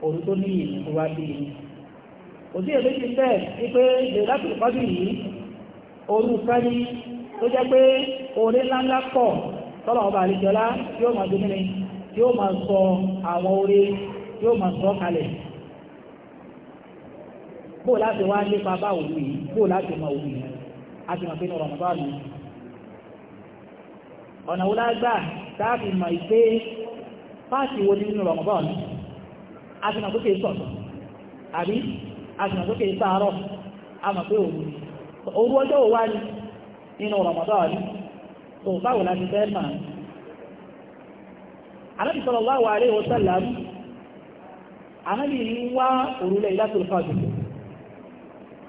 B: òru tó níyì wá sí yìí kò sí èdè ti fẹ́ wípé lèlátì kọ́dù yìí orú kẹ́ni tó jẹ́ pé orí ńláńlá pọ̀ tọ́lọ̀ ọba àlejọ́lá yóò máa dún ní yóò máa sọ àwọn orí yóò máa sọ kalẹ̀ bó láti wá nípa bá òwú yìí bó láti mọ òwú yìí a ti mọ̀ pé ní ọ̀rọ̀ ọ̀nà wo lágbà táàbì mọ̀ ìpé páàkì wo nínú ọ̀rọ̀ ọ̀bọ̀n a ti mọ̀ pé kí sọ̀tọ̀ àbí agbìnàsókè sáàárọ̀ àmà pé a ni òru ọjọ́ òwá ni nínú Ramadan ni tó báwo la ti fẹ́ mà Ànábì sallallahu alaihi wasallam Ànábì ní wá òru Laylatul ya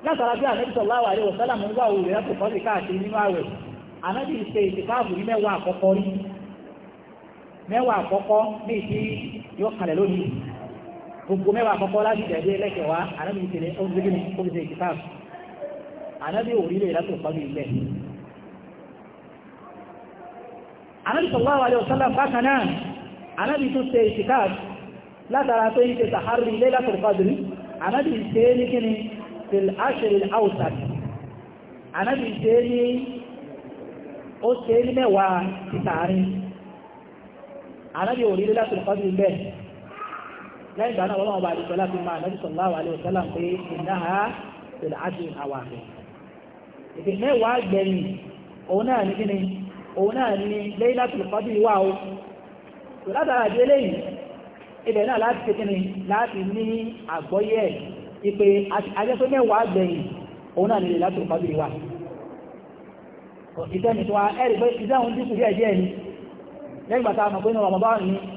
B: látara bí Ànábì sallallahu alaihi wasallam ń wá òru Laylatul Qadr káàkiri nínú àwẹ̀ Ànábì ṣe ìtìkáàbù ní mẹ́wàá àkọ́kọ́ rí mẹ́wàá àkọ́kọ́ ní gbogbo mẹ́wàá àkọ́kọ́ láti tẹ̀lé ẹlẹ́kẹ̀wá anábì ìṣẹ̀lẹ̀ ọ̀gbẹ́gbẹ́ ọ̀gbẹ́sẹ̀ ìkìtàf anábì òrílẹ̀ láti ọ̀pọ̀lù ilẹ̀ anábì sallallahu alaihi wasallam bákan náà anábì tó ṣe ìkìtàf látara tó ń ṣe sàárì ilé láti ọ̀pọ̀lù anábì ṣe ní kíni fil ashiril awsat anábì ṣe ní ó ṣe ní mẹ́wàá ti tààrin anábì òrílẹ̀ láti ọ̀pọ̀lù ilẹ̀ lẹ́yìn ìgbà náà ọlọ́run ọba àdìsọ́lá fi máa nẹ́bí sọ̀lá wà lẹ́yìn sọ́lá pé ìnáha tẹ̀lé àti àwà rẹ̀. èdè mẹ́wàá gbẹ̀yìn òun náà ní kíni òun náà ní lẹ́yìn láti lùkọ́dì wà o tó látara àdé lẹ́yìn ibẹ̀ náà láti ṣe kíni láti ní àgbọ́yé ẹ̀ ajẹ́pẹ́ mẹ́wàá gbẹ̀yìn òun náà ní lẹ́yìn láti lùkọ́dì wà. ìtẹ́ni tó pé ìtẹ́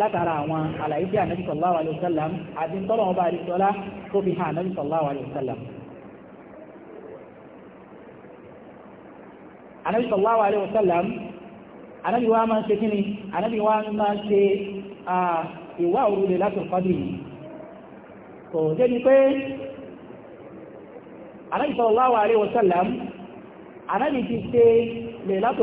B: látara àwọn àlàyé bí ànábì sallallahu alayhi wa sallam àti tọ́lọ̀ ọba àdìsọ́lá tó fi hàn ànábì sallallahu alayhi wa sallam. ànábì sallallahu alayhi wa sallam ànábì wa máa ń ṣe kíni ànábì wa máa ń ṣe ìwà òru lè látò kọ́dì yìí. kò débi pé ànábì sallallahu alayhi wa sallam ti ṣe lè látò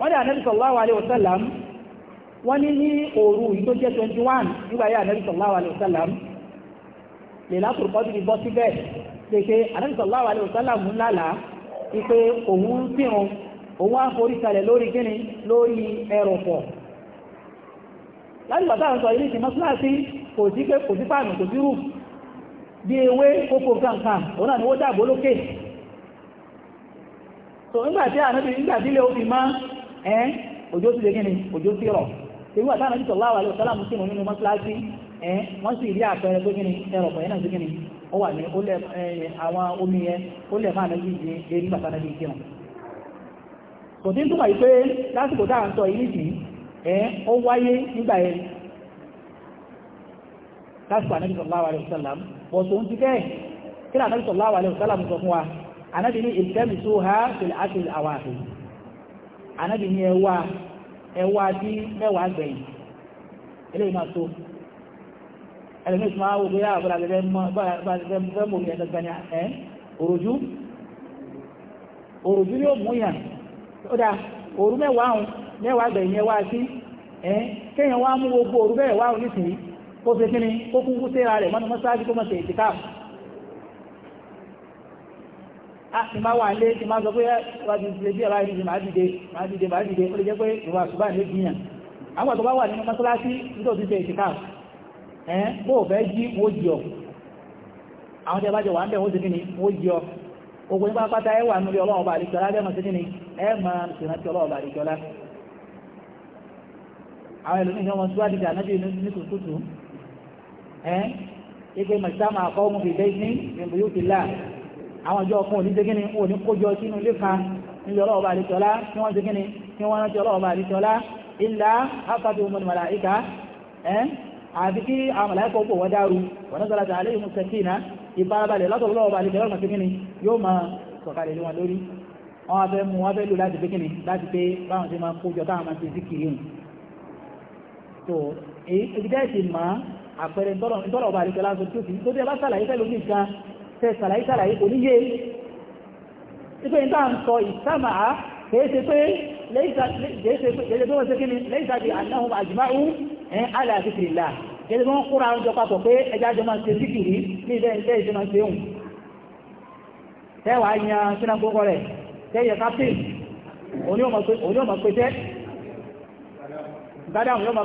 B: wọ́n dé ànábì sallallahu alayhi wa sallam wọ́n ní ní òru yìí tó jẹ́ twenty one nígbà yẹ ànábì sallallahu alayhi wa sallam Lailatul Qadr bọ́ síbẹ̀ pèsè ànábì sallallahu alayhi wa sallam ń lálà ipe òun ń sírun òun á forí kalẹ̀ lórí kíni lórí ẹrọ̀pọ̀ láti bàtà àwọn sọ ilé ìsìn mọ́sálásí kò sí pé kò sí fáànù kò sí rúù bí ewé kókó kankan òun náà ni wọ́n dàbò lókè so nígbàtí ànábì nígbàtí ilé òfin máa ẹ́ òjò ti lè gíní òjò ti rọ̀ ewu àtàwọn ọjọ́ sallallahu alaihi wasallam sínú nínú mọ́sálásí ẹ́ wọ́n sì rí àpẹẹrẹ tó gíní ẹ̀rọ pẹ̀lú náà tó gíní ó wà ní ó lẹ̀ àwọn omi yẹn ó lẹ̀ máa lọ́jú ìdí erí ike bí kírun kò tí ń túmọ̀ yìí lásìkò tá à ń sọ yìí nìsí ẹ́ ó wáyé nígbà yẹn lásìkò bọ̀ tó ń ti kí ha anábì ní ẹwà ẹwà tí mẹ́wàá gbẹ̀yìn eléyìí máa tó ẹlẹ́mí ìsúnmọ́ àwọn ògbé yára ah, bọ́lá gẹ́gẹ́ mọ́ òmìnira gẹ́gẹ́ ní ẹ́ òròjú òròjú ní òmù yàn ó dá òru mẹ́wàá àwọn mẹ́wàá gbẹ̀yìn ẹwà tí ẹ́ kéèyàn wá mú gbogbo òru mẹ́wàá àwọn nísìnyí kó ṣe kíni kó kúkú Ah, ti máa wà nílé ti máa sọ pé eh, wájú di bí ẹ̀rọ ìrìn máa dìde máa dìde máa dìde ó lè jẹ́ pé ìwà àṣùbà ní ìgbìyàn àwọn tó bá wà nínú mọ́sálásí nítorí ti ṣe ìṣìká ẹ̀ bó fẹ́ jí wó jí ọ àwọn tẹ́ bá jọ wà ń bẹ̀ wọ́n ti kíni wó jí ọ ogun nípa pátá ẹwà nílé ọlọ́run bá àdìjọlá lẹ́mọ̀ sí kíni ẹ máa ṣèrántí ọlọ́run bá àdìjọlá àwọn ẹlòmíì ní wọn tó àdìjà náà ní tùtùtù ẹ ipe mọ̀tàmà àkọ́ ọmọ ìdẹ́ àwọn ìjọ ọkùn òní jẹ́gíní òní kójọ sínú ilé kan nílò ọlọ́ọ̀bà àríṣọ́lá tí wọ́n jẹ́gíní tí wọ́n rántí ọlọ́ọ̀bà àríṣọ́lá ilá afájú omi màláìka ẹ́n àti kí àwọn màláìka ó pò wọ́n dáru wọ́n sọ́lá tà alẹ́ ìmúṣẹ́ kí iná ìfarabalẹ̀ lọ́tọ̀ọ̀lọ́ọ̀bà àríṣọ́lá jẹ́gíní yóò máa sọ̀kalẹ̀ lé wọn lórí wọ́n fẹ́ mú wọ́n fẹ́ lò láti pékìní láti pé báwọn ṣe máa kójọ táwọn máa ṣe sí kiri hùn so tó tẹ́ bá sàlàyé fẹ́ lómi nǹkan tẹ́ sàlàyé sàlàyé kò níye ipé ní táà ń sọ ìsámàá kèése pé lẹ́yìnsá bí anáhùn àjùmáhù ẹ̀ aláàfíkìrìlá kèése wọ́n kúra ń jọ papọ̀ pé ẹjá jọ máa ṣe síkìrí ní ilẹ̀ ilẹ̀ ìṣẹ́ máa ṣe hùn tẹ́wàá yan sínú gbogbo rẹ̀ tẹ́yẹ captain oní ọmọ pẹ̀tẹ́ gádàmù yóò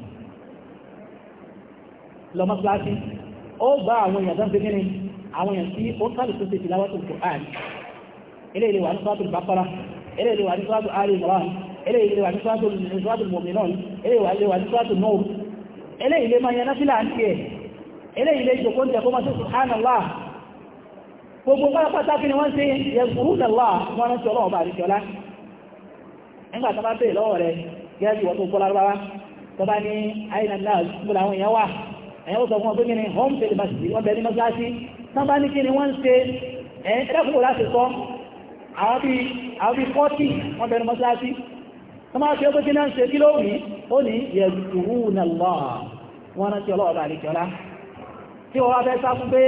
B: lọ mọ́síláṣí ó bá àwọn èèyàn tán fi gíní àwọn èèyàn tí ó kàlù tó ṣe ti láwọ́ tó kò áàrì ilé ilé wà ní sọ́tò bàkọ́lá ilé ilé wà ní sọ́tò ààrì ìmọ̀ràn ilé ilé wà ní sọ́tò mọ̀mìnà ilé ilé wà ní sọ́tò nọ́ọ̀rù ilé ilé máa yan náfìlà ń tiẹ̀ gẹ́gẹ́ bí tó gbọ́ lárúbáwá tó ní àìnà náà gbọ́dọ̀ àwọn èèyàn wà ẹ̀yẹ́ ó sọ fún ọ pé kí ni home sale masjid wọ́n bẹ̀rẹ̀ ní mọ́sálásí tán bá ní kí ni wọ́n ń ṣe ẹ̀yẹ́ ẹ̀dẹ́kùnkù láti sọ àwọn bí fọ́tì wọ́n bẹ̀rẹ̀ mọ́sálásí tán bá fi ó pé kí náà ń ṣe kí ló wù ó ní yẹ̀rù nàlọ́ wọn rántí ọlọ́ọ̀bà àríkẹ́ọlá tí wọ́n wá fẹ́ sá fún pé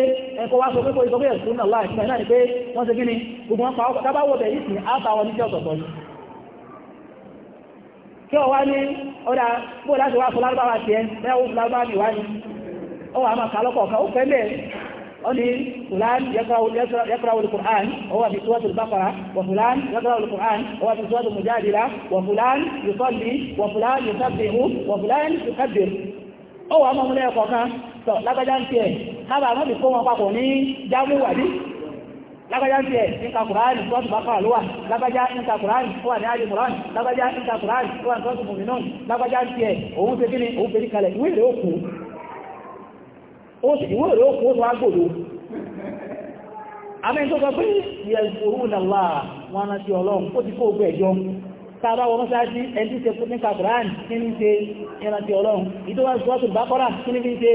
B: ẹkọ wá sọ pé kò ìsọpé ẹ̀sùn náà láì fún ẹ̀ náà ni pé wọ́n ṣe gíní gbogbo wọn ọkọ̀ tábáwọ̀ bẹ̀ ìsìn àtàwọn oníṣẹ́ ọ̀tọ̀ọ̀tọ̀ ni kí ọ ní ọdá bóòdá ṣe wá fún lárúbáwá ọwọ́ àmà kálọ́kọ̀ ọ̀kan ó fẹ́ bẹ́ẹ̀ أني فلان يقرأ يقرأ, يقرأ القرآن هو في سورة البقرة وفلان يقرأ القرآن هو في سورة المجادلة وفلان يصلي وفلان يسبح وفلان يكبر أو أما من يقرأ so lágbájá ń tiẹ̀ kábà àwọn ìkó wọn papọ̀ ní jámù wàdí lágbájá ń tiẹ̀ níka kùránì sọ́ọ̀tù bá kọ́ àlúwà lágbájá níka kùránì ó wà ní àjẹ kùránì lágbájá níka kùránì ó wà ní sọ́ọ̀tù bùnmínú lágbájá ń tiẹ̀ òun ṣe kí ni òun fèrè kalẹ̀ ìwé ìrẹ́ òkú ó sì ìwé rẹ̀ ó kó tó ágbòdó àmì tó sọ pé yẹ̀sùrù nàlá wọn rántí ọlọ́run ó ti kó ogun ẹ̀jọ́ tàbá wọn mọ́sáájú ẹni tí ṣe fún ní kàkùrán kí ní ṣe ìrántí ọlọ́run ìtọ́wà ìṣọ́tù bákọ́rà kí ní fi ṣe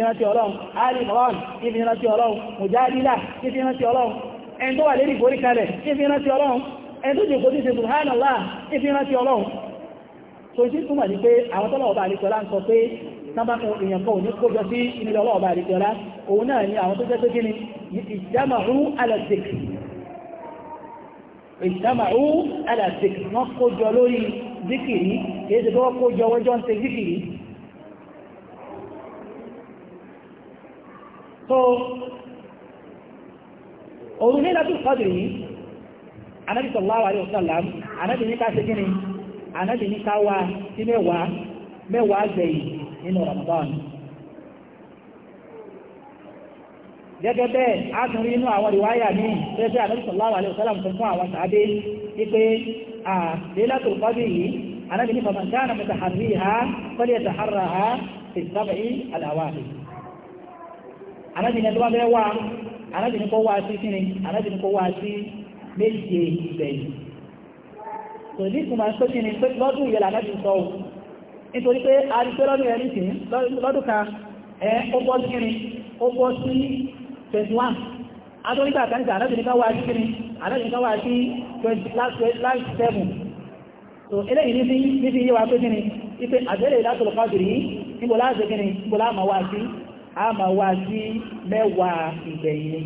B: ìrántí ọlọ́run alìmọ́rán ìrántí ọlọ́run mùjáàdílà ìrántí ọlọ́run ẹni tó wà lérí ìforí kalẹ̀ ìrántí ọlọ́run ẹni tó jẹ́ kò tí ṣe subhanallah ìrántí ọlọ́run tábàkùn èèyàn kan ò ní kójọ sí ilé ọlọ́ọ̀bá àdìjọlá òun náà ni àwọn tó jẹ́ pé kí ni ìjámàrú alàdìk ìjámàrú alàdìk wọ́n kójọ lórí zikiri kìí ṣe tó kójọ wọ́jọ́ ń ṣe zikiri so òun ní lábí ìfọ́dù yìí anábì sallallahu alaihi wasallam anábì ní ká ṣe kí anábì ní ká wá sí mẹ́wàá mẹ́wàá gbẹ̀yìn nínú Ramadan gẹ́gẹ́ bẹ́ẹ̀ a tún rí inú àwọn ìwáyà ní tẹ́sẹ̀ Ànábì sallallahu alaihi wasallam tó fún àwọn tàbí wípé à Lailatul Qadr yìí Ànábì ní faman kana mutaharriha falyataharraha fi sab'i al-awaqit Ànábì ní ẹgbẹ́ bẹ́ẹ̀ wá Ànábì ní kó wá sí kíni Ànábì ní kó wá sí méje ìgbẹ̀yìn tò ní kùmà sókè ní pé lọ́dún ìyẹ̀lá Ànábì sọ nítorí pé a rí pé lọ́dún ẹ̀rí sí lọ́dún kan ẹ̀ ó bọ́ sí kíni ó bọ́ sí 21 adóríkà kanìkà alábìnrinká wá sí kíni alábìnrinká wá sí 27 so eléyìí ní fi ní fi yíwa pé kíni ipe àbẹ́rẹ̀ ìlàtọ̀lọ̀ fásitì yìí níbo láàṣẹ kíni níbo láàmà wá sí àmà wá sí mẹ́wàá ìgbẹ̀yìn ni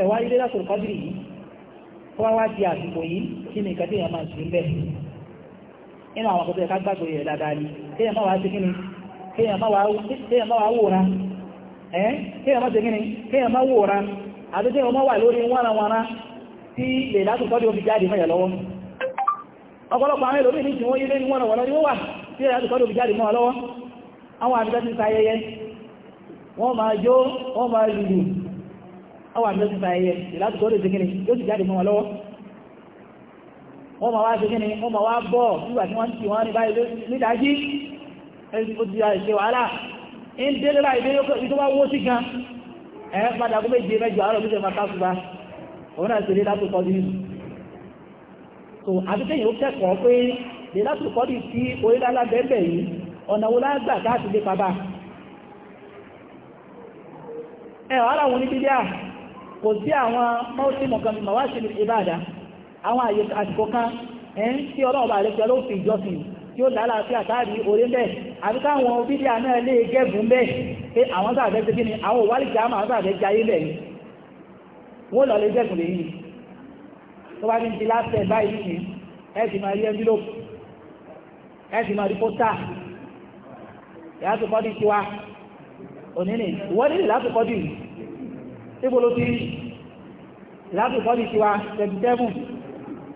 B: ẹ̀wá ilé ìlàtọ̀lọ̀ fásitì yìí wá di àsìkò yìí kí ni ìkàdé yẹn máa bẹ́ẹ̀ inú àwọn àkọ́tọ̀ ẹ̀ká gbàgbé rẹ̀ dáadáa ni kéèyàn máa wá sí kíni máa wà lórí wánawánà tí lè látù tọ́jú omi jáde mọ́yà lọ́wọ́ ọ̀pọ̀lọpọ̀ àwọn ẹlòmí ní tí wọ́n yílé ní wánawánà wà tí lè jáde mọ́yà lọ́wọ́ àwọn wọ́n ma wá ṣe gíní wọ́n ma wá bọ́ nígbà tí wọ́n ti wọ́n ní báyìí nídájí ẹ̀ṣẹ̀ wàhálà ń délé láì dé tó bá wó sí gan ẹ̀ padà kó méje mẹ́jọ àárọ̀ lóṣẹ̀ máa kásùgbà òun náà ṣe lédàtò kọ́dí nù so àbíkẹ́yìn ó kẹ́kọ̀ọ́ pé lédàtò kọ́dí sí orílẹ̀-èdè bẹ́ẹ̀ yìí ọ̀nà wo lágbà káàkiri lé pàbà ẹ̀ wàhálà wọn ní bíbíà kò sí àwọn mọ́ọ̀sí mọ̀kànlélọ́wọ́ àwọn àsìkò kan ẹ̀ń tí ọlọ́ọ̀bà àlẹ́kẹ́ ló fi ìjọsìn tí ó lálàáfíà táàrí orí bẹ́ẹ̀ àti káwọn bídíà náà lè gẹ́gùn bẹ́ẹ̀ pé àwọn sàfẹ́ ti kíni àwọn òwálì jáàmù àwọn sàfẹ́ jayé bẹ́ẹ̀ ni wọ́n lọ lè gẹ́gùn lè yìí tó bá ní ti láṣẹ báyìí nìyí ẹ ti máa rí envelope ẹ ti máa rí pósítà ìyá tó kọ́dí tiwa onínì ìwọ́n nílè láti kọ́dí ìbò ló ti láti kọ́dí tiwa 27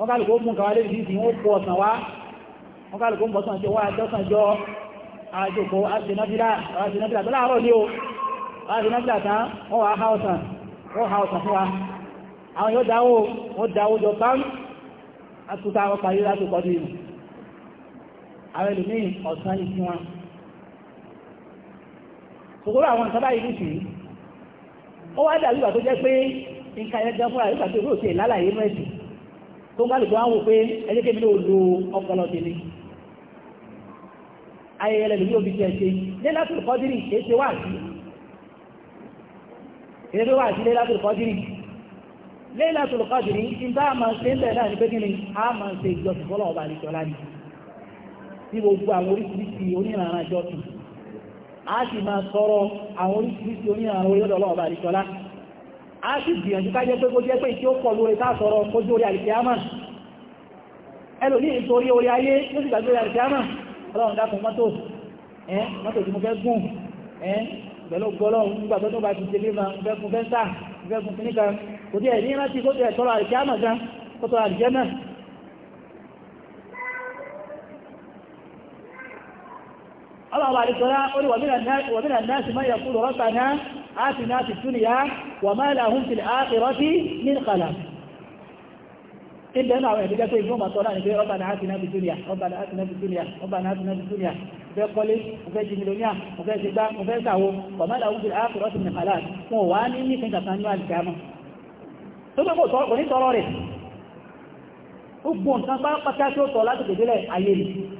B: wọ́n kálùkù mú kàwà lè dìdì wọ́n pọ̀ ọ̀sán wá wọ́n kálùkù mú ọ̀sán jọ wá àjọsàn jọ àjòkó àjìnàbílà tó láàárọ̀ ní o àjìnàbílà tán wọ́n wá haúsàn wọ́n haúsàn fún wa àwọn yóò dáwó wọ́n dáwó jọ pán àtúta àwọn parí láti kọjú ìlú àwọn ìlú ní ọ̀sán ní sí wọn kòkòrò àwọn nǹkan báyìí ní sí ó wá dàbí ìgbà tó jẹ́ pé nǹkan ẹ̀ẹ́dẹ́gbọ́n àyíkà tó rò sí ìlàlàyé mẹ́sìn tó ń kálùkù àwọn pé ẹjẹ́kẹ́bí ló lo ọpọlọ tèmi ayẹyẹ lẹ́nu ní òbí tí ẹ kọ́dírì èṣe wà sí èṣe wà sí lẹ́látùrù kọ́dírì kọ́dírì ṣe ń bẹ̀rẹ̀ a máa ṣe ìjọsìn ọba gbogbo àwọn oríṣiríṣi a sì máa sọ̀rọ̀ àwọn oríṣiríṣi a sì gbìyànjú ká jẹ́ pé kó jẹ́ pé tí ó pọ̀ lórí sáàsọ̀rọ̀ kójú orí alìkìyàmà ẹlòmí ìtorí orí ayé ló sì gbàgbé orí alìkìyàmà ọlọ́run dákun mọ́tò ẹ́ mọ́tò tí mo fẹ́ gùn ẹ́ pẹ̀lú gbọ́lọ́run nígbà tó bá ti délé ma fẹ́ gun fẹ́ńtà fẹ́ gun kíníkan kò tí ẹ̀ ní rántí kó tẹ̀ tọrọ alìkìyàmà gan kó tọrọ alìkìyàmà الله عليه الصلاة قل ومن الناس من يقول ربنا آتنا في الدنيا وما لهم في الآخرة من خلاق إلا أنا أعلم بك سيد نوم أطلع نبي ربنا آتنا في الدنيا ربنا آتنا في الدنيا ربنا آتنا في الدنيا وفي قولي وفي جميلونيا وفي سيدان وفي سعو وما لهم في الآخرة من خلاق ووان إني كنت أتنوى الكامة ثم قلت قلت قلت قلت قلت قلت قلت قلت قلت قلت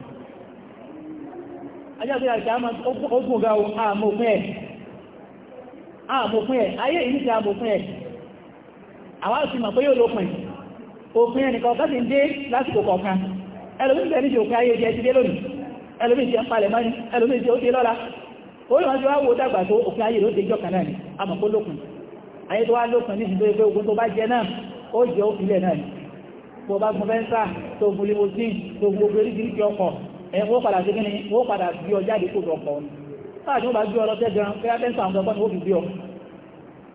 B: ajábíra ìjàmà ogun ga o àmòfin ẹ̀ ayé ìlú ti àmòfin ẹ̀ àwọn àṣìmọ̀ pé yóò lópin òfin ẹnìkan kásì ń dé lásìkò kọ̀ọ̀kan ẹlòmí ìbẹ̀ níbi òfin ayé jẹ́ ti dé lónìí ẹlòmí ìjẹ́ ń palẹ̀ mọ́ni ẹlòmí ìjẹ́ ó dé lọ́la orí wọn ti wá wo dàgbà tó òfin ayé ló dé jọ́ kan náà ni àmọ́ kó lópin ayé tó wá lópin ní ìsinmi pé ogun tó bá jẹ náà ó jẹ́ òfin ilẹ̀ náà ni bó bá gun fẹ́ńsà wọ́n padà sí kí ni wọ́n padà bí ọ jáde kó lọ pọ̀ náà tí wọ́n bá gbé ọ lọ́tẹ́ gan pé atẹ́sà àwọn ọkọ̀ ni wọ́n fi gbé ọ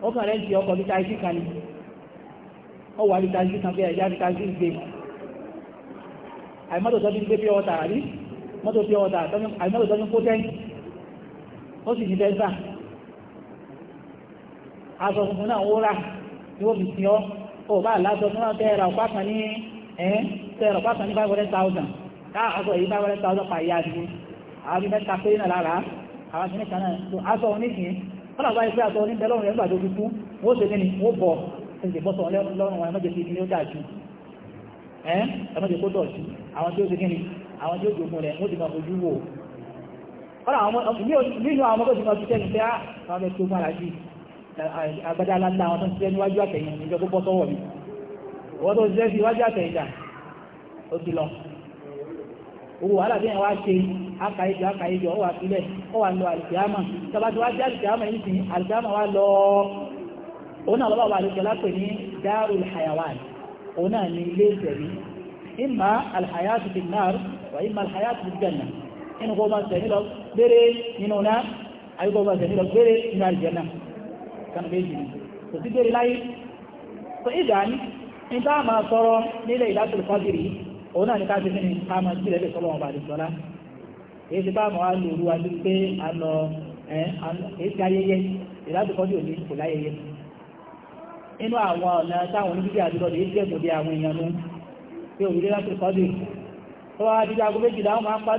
B: wọ́n kàn rẹ̀ ń ti ọkọ̀ bí taxi kan ni wọ́n wà bí taxi kan bí ẹ̀yà bí taxi gbé àìmọ́tò tó ti ń gbé pure water àrí mọ́tò pure water àìmọ́tò tó ti ń kó tẹ́ǹkì ó sì ní tẹ́sà aṣọ funfun náà ó rà bá láṣọ fún náà tẹ́ ẹ̀rà ní 500,000 ká aṣọ yìí bá wẹ́rẹ́ tàwọn pa ìyá àdúgbò àwọn bí mẹ́ta péré náà lára àwọn aṣọ nìkan náà tó aṣọ oníkìn kọ́nà bá yẹ pé aṣọ oníbẹ̀lọ́run rẹ̀ nígbà tó fi kú wọ́n ṣe kíni wọ́n bọ̀ ẹ̀jẹ̀ bọ́sọ̀ lọ́rùn wọn ẹ̀mọ́jẹ̀ kíni ó dà jù ẹ́ ẹ̀mọ́jẹ̀ kó dọ̀tí àwọn tí ó ṣe kíni àwọn tí ó jogun rẹ̀ wọ́n ti máa fojú wò nínú àwọn ọmọdé ti máa fi tẹ́nu pé àwọn ah, ọmọdé tó mára jù agbádá aláta àwọn tó ń ṣiṣẹ́ níwájú àtẹ̀yìn ìjọ tó sí iwájú ó ti lọ owó wàhálà bí wọ́n ṣe akàyèjọ akàyèjọ ọwà sílẹ̀ ọwà lọ àlìkìámà tàbátí wá jẹ́ àlìkìámà yìí sí àlìkìámà wá lọ òun náà lọ́wọ́ àlìkìá lápè ní darul hayawan òun náà ní ilé ìtẹ̀mí ìmà alhayatu fi náà wà ìmà alhayatu fi jẹ́nà inú kó máa tẹ̀mí lọ gbére nínú náà àyíkó máa tẹ̀mí lọ gbére nínú àlìjẹ́nà kanu méjì kò sí gbére láyé so ìdáni ní táà máa sọ̀rọ̀ nílẹ̀ ìdásílẹ̀ kọ́dìrì yìí òun náà ní káàkiri ni ká máa kí lẹ́lẹ́ sọ́lọ́ èyí ti bá àwọn alòrú wa ní pé a lọ èyí ti ayẹyẹ ìlàdùkọ́jú òní kò láyẹyẹ nínú àwọn ọ̀nà táwọn oníbíbí àwọn èèyàn pé láti tó wá méjìlá wọn máa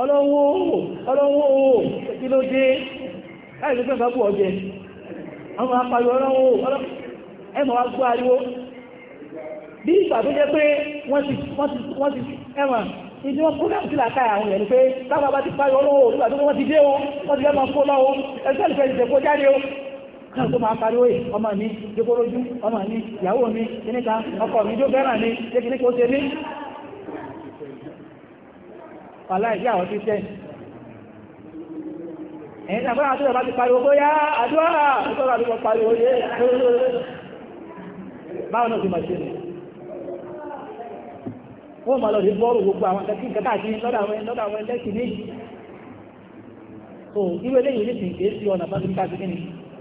B: ọlọ́wọ́ ọlọ́wọ́ kí ló dé láì bù ọjẹ́ wọn máa ọlọ́wọ́ ẹ̀mọ̀ wá gbọ́ ariwo bí ìgbà tó jẹ́ pé wọ́n ti wọ́n ti ẹ̀mà ìdí wọn kó dáhùn sí làákà àwọn èèyàn ni pé táwọn bá ti parí ọlọ́wọ́ nígbà tó wọ́n ti dé wọn wọ́n ti fẹ́ máa kó lọ́wọ́ ẹgbẹ́ ìfẹ́ ìfẹ́ kó jáde o náà tó máa parí òye ọmọ mi jókòrójú ọmọ mi ìyàwó mi kíníkà ọkọ mi jó fẹ́ràn mi ṣé kíníkà ó ṣe mí.
C: wàhálà ìdí àwọn tí tẹ́
B: ẹ̀yìn náà fún àwọn tó yẹ bá ti parí owó yá àdúrà tó bá ti parí òye
C: báwọn náà ti máa ṣe nìyẹn wọ́n máa lọ
B: sí bọ́ọ̀rù gbogbo àwọn akẹ́kọ̀ọ́ nǹkan káàkiri lọ́dọ̀ àwọn méjì tó irú eléyìí lè tìǹkì sí ọ̀nà bá nípa sí kíni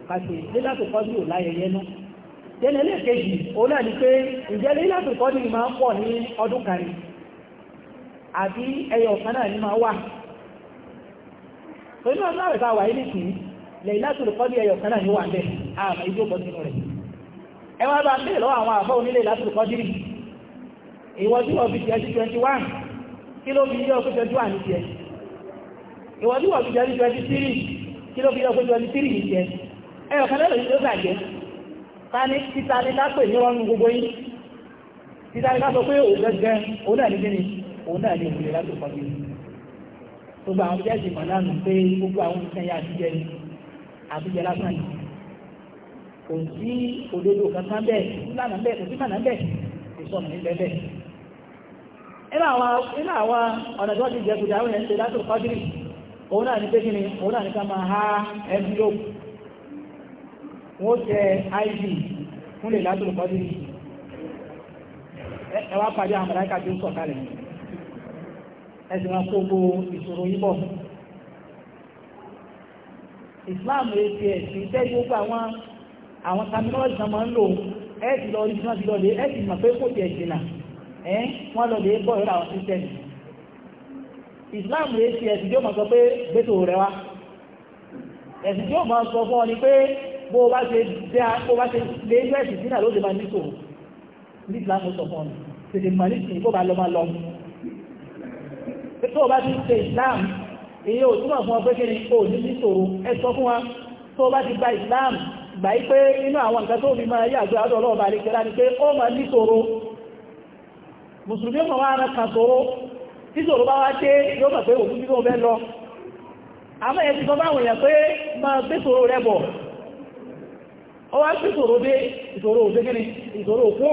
B: kàṣì lílàtò kọ́ sí òláyẹ yẹnu tẹ́lẹ̀ ẹlẹ́ẹ̀kejì òun náà ni pé ìjẹ́ lílàtò kọ́ máa ń pọ̀ ní ọdún kan ni ẹyọ ọ̀kan náà ni máa wà torí náà náà rẹ̀ bá wà ní kìí Laylatul ìwọ́n tí wọ́n fi jẹ́ 21 kí ló fi yọ́ fún 21 ní jẹ́ ìwọ́n tí wọ́n fi jẹ́ sí 23 kí ló fi yọ́ fún 23 ní jẹ́ ẹyọ̀ kan lẹ́lẹ̀ ló bàjẹ́ ta ní títa ní lápè ní ọrùn gbogbo yìí títa ní lápò pé òun gẹ́gẹ́ òun náà ní kíni òun náà ní òun láti pọ̀ bíi gbogbo àwọn jẹ́ ìmọ̀ lánà pé gbogbo àwọn ìṣẹ́ yà àtijẹ́ ni àtijẹ́ lásán yìí kò sí òdodo kankan bẹ́ẹ̀ lánàá bẹ́ẹ̀ kò sí kànáà bẹ́ẹ̀ ìsọ̀nà ní bẹ́ẹ̀ ina àwọn ọ̀nà tó ti jẹ́ kùdà àwọn ẹ̀ṣẹ́ látò fájírì òun náà ní pé òun náà ká máa ha envelope wọ́n tẹ id fún lè látò fájírì ẹ pàdé àwọn màláíkà tí ó ẹ̀sìn wọn kó gbogbo ìṣòro yíbọ̀ Islam rẹ̀ ti ẹ̀sìn tẹ́ gbogbo àwọn àwọn terminology náà máa ń lò ẹ̀sìn lọ orí mọ̀ pé kò ẹ́n wọ́n lọ lè bọ̀ ìrà àwọn kírísítẹ́nì islam rẹ̀ ti ẹ̀sìn tí ó mọ̀ sọ pé gbèsò rẹ̀ wá ẹ̀sìn tí ó mọ̀ sọ fún ọ ni pé bó bá ṣe lé inú ẹ̀sìn sínú àlóde máa ní sòrò ní islam sọ fún ọ tètè mọ̀ ní sìn kó bá lọ máa lọ tó o bá ti ṣe islam èyí ò túnmọ̀ fún ọ pé kí ni o ní ní sòrò ẹ sọ fún wa tó o bá ti gba islam gbà yí pé inú àwọn nǹkan tó fi máa yàgbé àdọ́ ọlọ́ọ̀bà àlekẹ́lá ni pé ó máa mùsùlùmí ọmọ wa rẹ̀ kan tòró tí sòrò bá wá dé yóò mọ̀ pé òkú títò lọ àmọ́ ẹ̀ ti sọ bá wòyàn pé máa gbé tòrò rẹ̀ bọ̀ ó wá gbé tòrò dé ìṣòro òde kíni òkú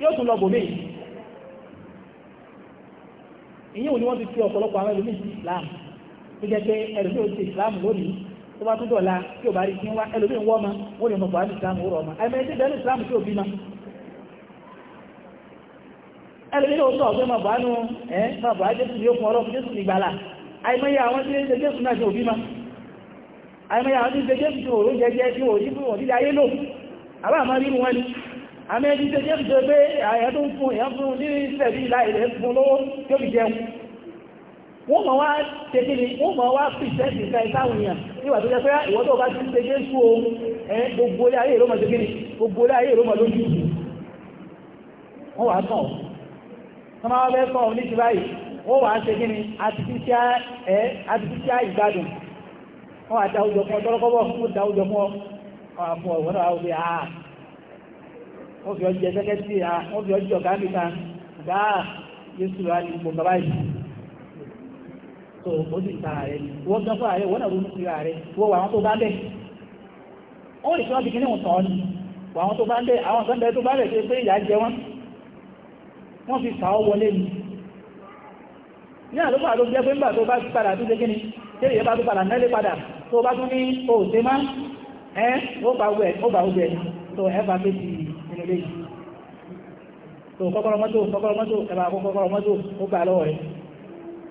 B: yóò tún lọ bòmí ìyí òní wọ́n ti fi ọ̀pọ̀lọpọ̀ àwọn ẹlòmí ẹlòmí ló sọ ọ̀gbẹ́ màbá nù ẹ́ màbá jésù ní okùn ọlọ́pù jésù nígbàlá àìmọye àwọn tí ń ṣe jésù náà ṣe òbí ma àìmọye àwọn tí ń ṣe jésù tí òun jẹjẹ tí òun yípo wọn dídá ayé lò àbá àmọ́ rírun wọn ni àmọ́ ẹni ṣe jésù tó gbé àyẹ̀ tó ń fún èèyàn fún ní sílẹ̀ bí ìlà ilẹ̀ fún lówó tó fi jẹun wọ́n mọ̀ wá ṣe kí ni wọ́n mọ̀ wá fi ìṣẹ́sì ìka ìsáwọn èèyàn nígbà tó jẹ́ pé ìwọ tó bá ti ń ṣe jésù o gbogbo ilé ayé ìrómọ̀ ṣe kí ni gbogbo ilé ayé ìrómọ̀ lójú wọ́n wà á tàn ọ́ tọ́mọ́ bẹ́ sọ báyìí ó wà á ṣe gíní artificial ìgbádùn wọ́n wà dáwùjọ fún ọjọ́rọ́kọ́bọ̀ fún dáwùjọ fún ọmọ ọ̀wọ́n náà wọ́n àà ó ah, fi ọjọ́ ẹgbẹ́gẹ́ sí à ah, ó fi ọjọ́ gáàmìta gáà yéṣù rà ní gbogbo báyìí tó ó sì ta ààrẹ wọ́n gbọ́n fún ààrẹ wọ́n náà ronú sí ààrẹ wọ́n wà àwọn tó bá ń bẹ̀ ó lè fi wọ́n fi kíní wọ̀n tán ni wà àwọn tó bá ń bẹ̀ àwọn tó ń bẹ̀ tó bá ń bẹ̀ tó pé ìyá jẹ wọ́n wọ́n fi sàọ́ wọlé ni ní àlúgbà ló jẹ́ pé ń bà tó bá padà tó jẹ́ kíni tí èyẹ bá tó padà nẹ́lé padà tó bá tún ní òòsẹ́ má ẹ́ ó bá wẹ̀ ó bá wẹ̀ tó ẹ bá kéjì nínú lè tó kọ́kọ́rọ́ mọ́tò kọ́kọ́rọ́ mọ́tò ẹ bá kọ́kọ́rọ́ mọ́tò ó gbà lọ́wọ́ rẹ̀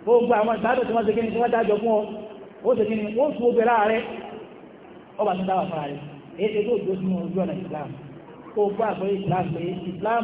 B: gbogbo àwọn ìgbàdọ̀ tí wọ́n ṣe kíni tí wọ́n dájọ fún ọ ó ṣe kíni wọ́n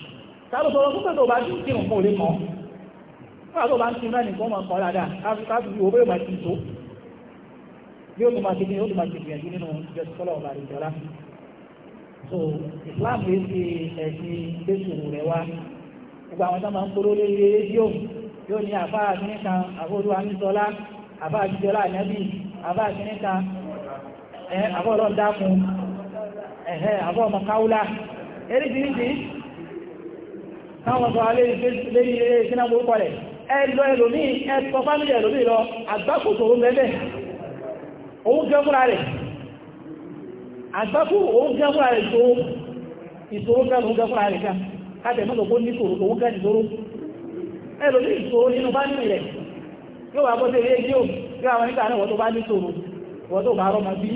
B: sàrọ̀sọ̀rọ̀ tó pẹ̀tọ̀ bá jù kírùn mọ́ olé kan náà tó bá ń ti mẹ́rin kan máa kọ́ dáadáa káàkiri bí owó ìgbà ti tó bí ó tó máa ti ní ó tó máa ti gbìyànjú nínú ìjọsọ́lọ̀ ọ̀la ìjọra so Islam lè fi ẹ̀sìn lẹ́sùn rẹ̀ wá gbogbo àwọn tó máa ń polówó lé rédíò yóò ní àfáà àfinìkan àfọ́dúwà ní sọlá àfáà jíjọlá ànábì àfáà àfinìkan àfọ́ ọlọ́dákun àfọ́ ọmọ káúlá eréjìíríjìí táwọn sọ alẹ́ lérí ìṣẹ́nà gbogbo rẹ̀ ẹlọ ẹlòmí ẹsọ fámílì ẹlòmí lọ àgbákòtò òun mẹ́lẹ̀ òun gẹ́múra rẹ̀ àgbákò òun gẹ́múra rẹ̀ tó ìṣòro gẹ́mù gẹ́múra rẹ̀ ká káàtẹ̀ mọ́tò kó ní kòrò òun gẹ́mù ìṣòro ẹlòmí ìṣòro nínú fámílì rẹ̀ yóò wà bọ́sẹ̀ ilé yóò yóò àwọn nígbà náà wọ́n tó bá ní ìṣòro wọ́n tó bá rọ́mọ bí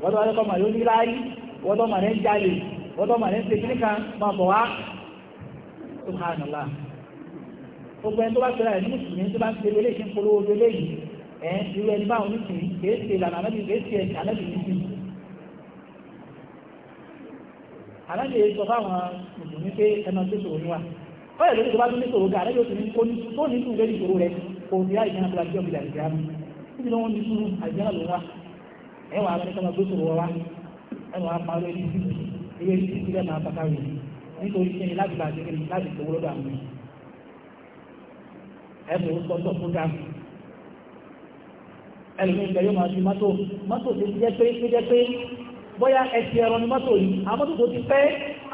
B: wọ́n tó bá rẹ́kọ́ màá yóò ní láárí wọ́n tó màá rẹ́ ń jalè wọ́n tó màá rẹ́ ń ṣe kíníkan subhanallah gbogbo ẹni tó bá tẹ̀lé ẹ̀ ní mùsùlùmí tó bá ń tẹ̀lé eléyìí ń polówó tẹ̀lé yìí ẹ̀ irú ẹni báwọn oníṣìí kèé ṣe ìlànà anábì kèé ṣe ẹ̀ṣẹ̀ anábì nìyí. anábì yìí sọ fáwọn mùsùlùmí pé ẹ máa tó sòrò níwà báyọ̀ lórí tó bá tó ní sòrò gan anábì yóò tó ní sùn lórí ìṣòro rẹ kò sí láì jẹun àti ọ̀gbìn àti ìjà mi níbi tí wọ́n ní sùn nítorí kí ni láti bàjẹ́ kí ni láti tòwó lọ́dọ̀ àwọn èèyàn ẹ̀sùn sọ́tọ̀ fún dáàmù ẹlùmí ìgbẹ̀ yóò máa fi mọ́tò mọ́tò tó jẹ́ pé tó jẹ́ pé bóyá ẹ̀sì ẹ̀rọ ni mọ́tò yìí àmọ́tò tó ti pẹ́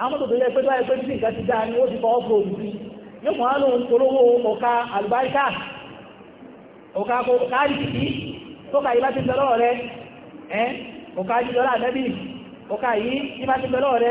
B: àmọ́tò tó jẹ́ pé tó ẹgbẹ́ tí nǹkan ti dáa ni ó ti fọ́ ọ́pọ̀ òdù sí yóò mọ̀ án lóhun polówó ọ̀ka àlùbáríkà ọ̀ka káàdì tó ka yìí ti bẹ lọ́rọ̀ rẹ ọ̀ka yìí lọ́rọ̀ àdẹ́bì ọ̀ka yìí bá ti bẹ lọ́rọ̀ rẹ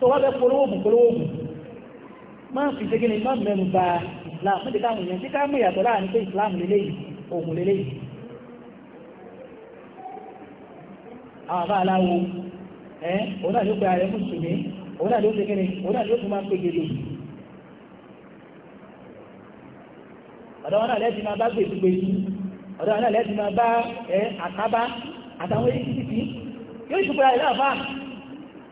B: tó wá bẹ́ polówóògùn polówóògùn máa fi ṣe gíní máa mẹ́nu ba islam mẹ́jẹ̀ káwọn èèyàn tí ká mú ìyàtọ̀ láàrin pé islam lélẹ́yìí ògùn lélẹ́yìí àwọn àbá aláwo ẹ́ òun náà ló pe ààrẹ mùsùlùmí òun náà ló ṣe gíní òun náà ló tún máa ń pe gèdè ọ̀dọ̀ wọn náà lẹ́ẹ̀tì máa bá gbèsùgbèsù ọ̀dọ̀ wọn náà lẹ́ẹ̀tì ẹ̀ àkábá àtàwọn èyí títí yóò ṣùgbọ́n àìláàfáà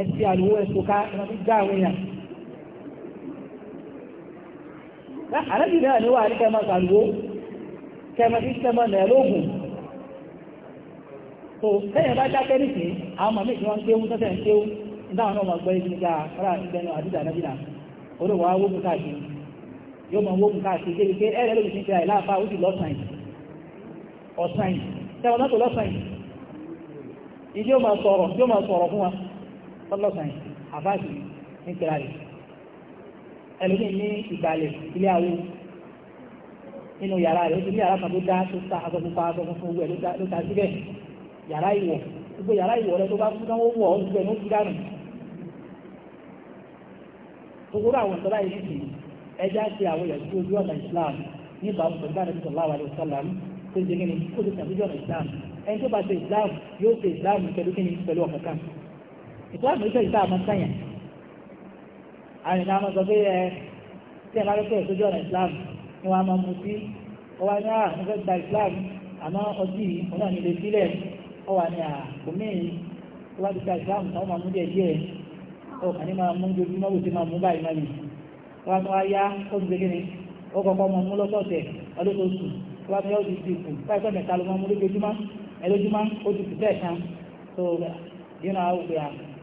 B: ẹ̀sì àlùwò ẹ̀sùká ẹ̀rọ̀bí já àwọn èèyàn àrẹ́bì náà ni wà ní kẹmọ sàlùwò kẹmọ sí kẹmọ nẹ̀lógún tó kẹyìn bá jákẹ́ nìsí àwọn mọ̀mí tí wọ́n ń kéwú tọ́tẹ̀ ń kéwú ìdáwọn náà gbẹ́ ibi nígbà fara ìgbẹ́nu àdúgbà nẹ́bì náà olówó wa wógun káàkiri yóò mọ̀ wógun káàkiri débi sọ̀rọ̀ fún wa lọ́sàn yìí àfáàsì ní kíra rẹ̀ ẹlòmí ní ìgbàlẹ̀ ilé awo nínú yàrá rẹ̀ ó ti ní yàrá kan tó dá tó ta aṣọ pupa aṣọ funfun owó ẹ̀ ló ta síbẹ̀ yàrá ìwọ̀ gbogbo yàrá ìwọ̀ rẹ̀ tó bá fún náwó wọ̀ ọ́ gbogbo ẹ̀ ló fi dànù gbogbo àwọn ìtọ́lá yìí sì ẹja ṣe àwọn èèyàn tí ojú ọ̀nà Islam nípa àwọn ìtọ́lá rẹ̀ sọ̀lá wa lọ́sọ̀lám tó ṣe kí ni kó ti tàbí ọ̀nà Islam ẹni tó bá ṣe Islam yóò ṣe Islam pẹ̀lú kí ni pẹ̀lú ọ̀kan ìsìláàmù ìṣe ìta àmọ́ sẹ́yìn àrìn náà máa sọ pé ẹ tí ẹ bá lọ́pọ̀ ìṣojú ọ̀nà ìsìláàmù ni wọ́n á máa mú sí ọwọ́ ní àà ah, mo fẹ́ gba ìsìláàmù àmọ́ ọtí ọ̀nà mi lè sílẹ̀ ọwà ni àkómí ah, tó bá ti gba ìsìláàmù táwọn máa mú díẹ̀ díẹ̀ ọkàn ní máa mú ojoojúmọ́ bó ti máa mú báyìí máa lè wọ́n á tún wá yá ó ti gbégé ni ó kọ́kọ́ máa mú lọ́sọ̀ọ̀sẹ̀ ọlọ́sọ̀ọ̀sù tó bá ti yá kan tó yín náà ó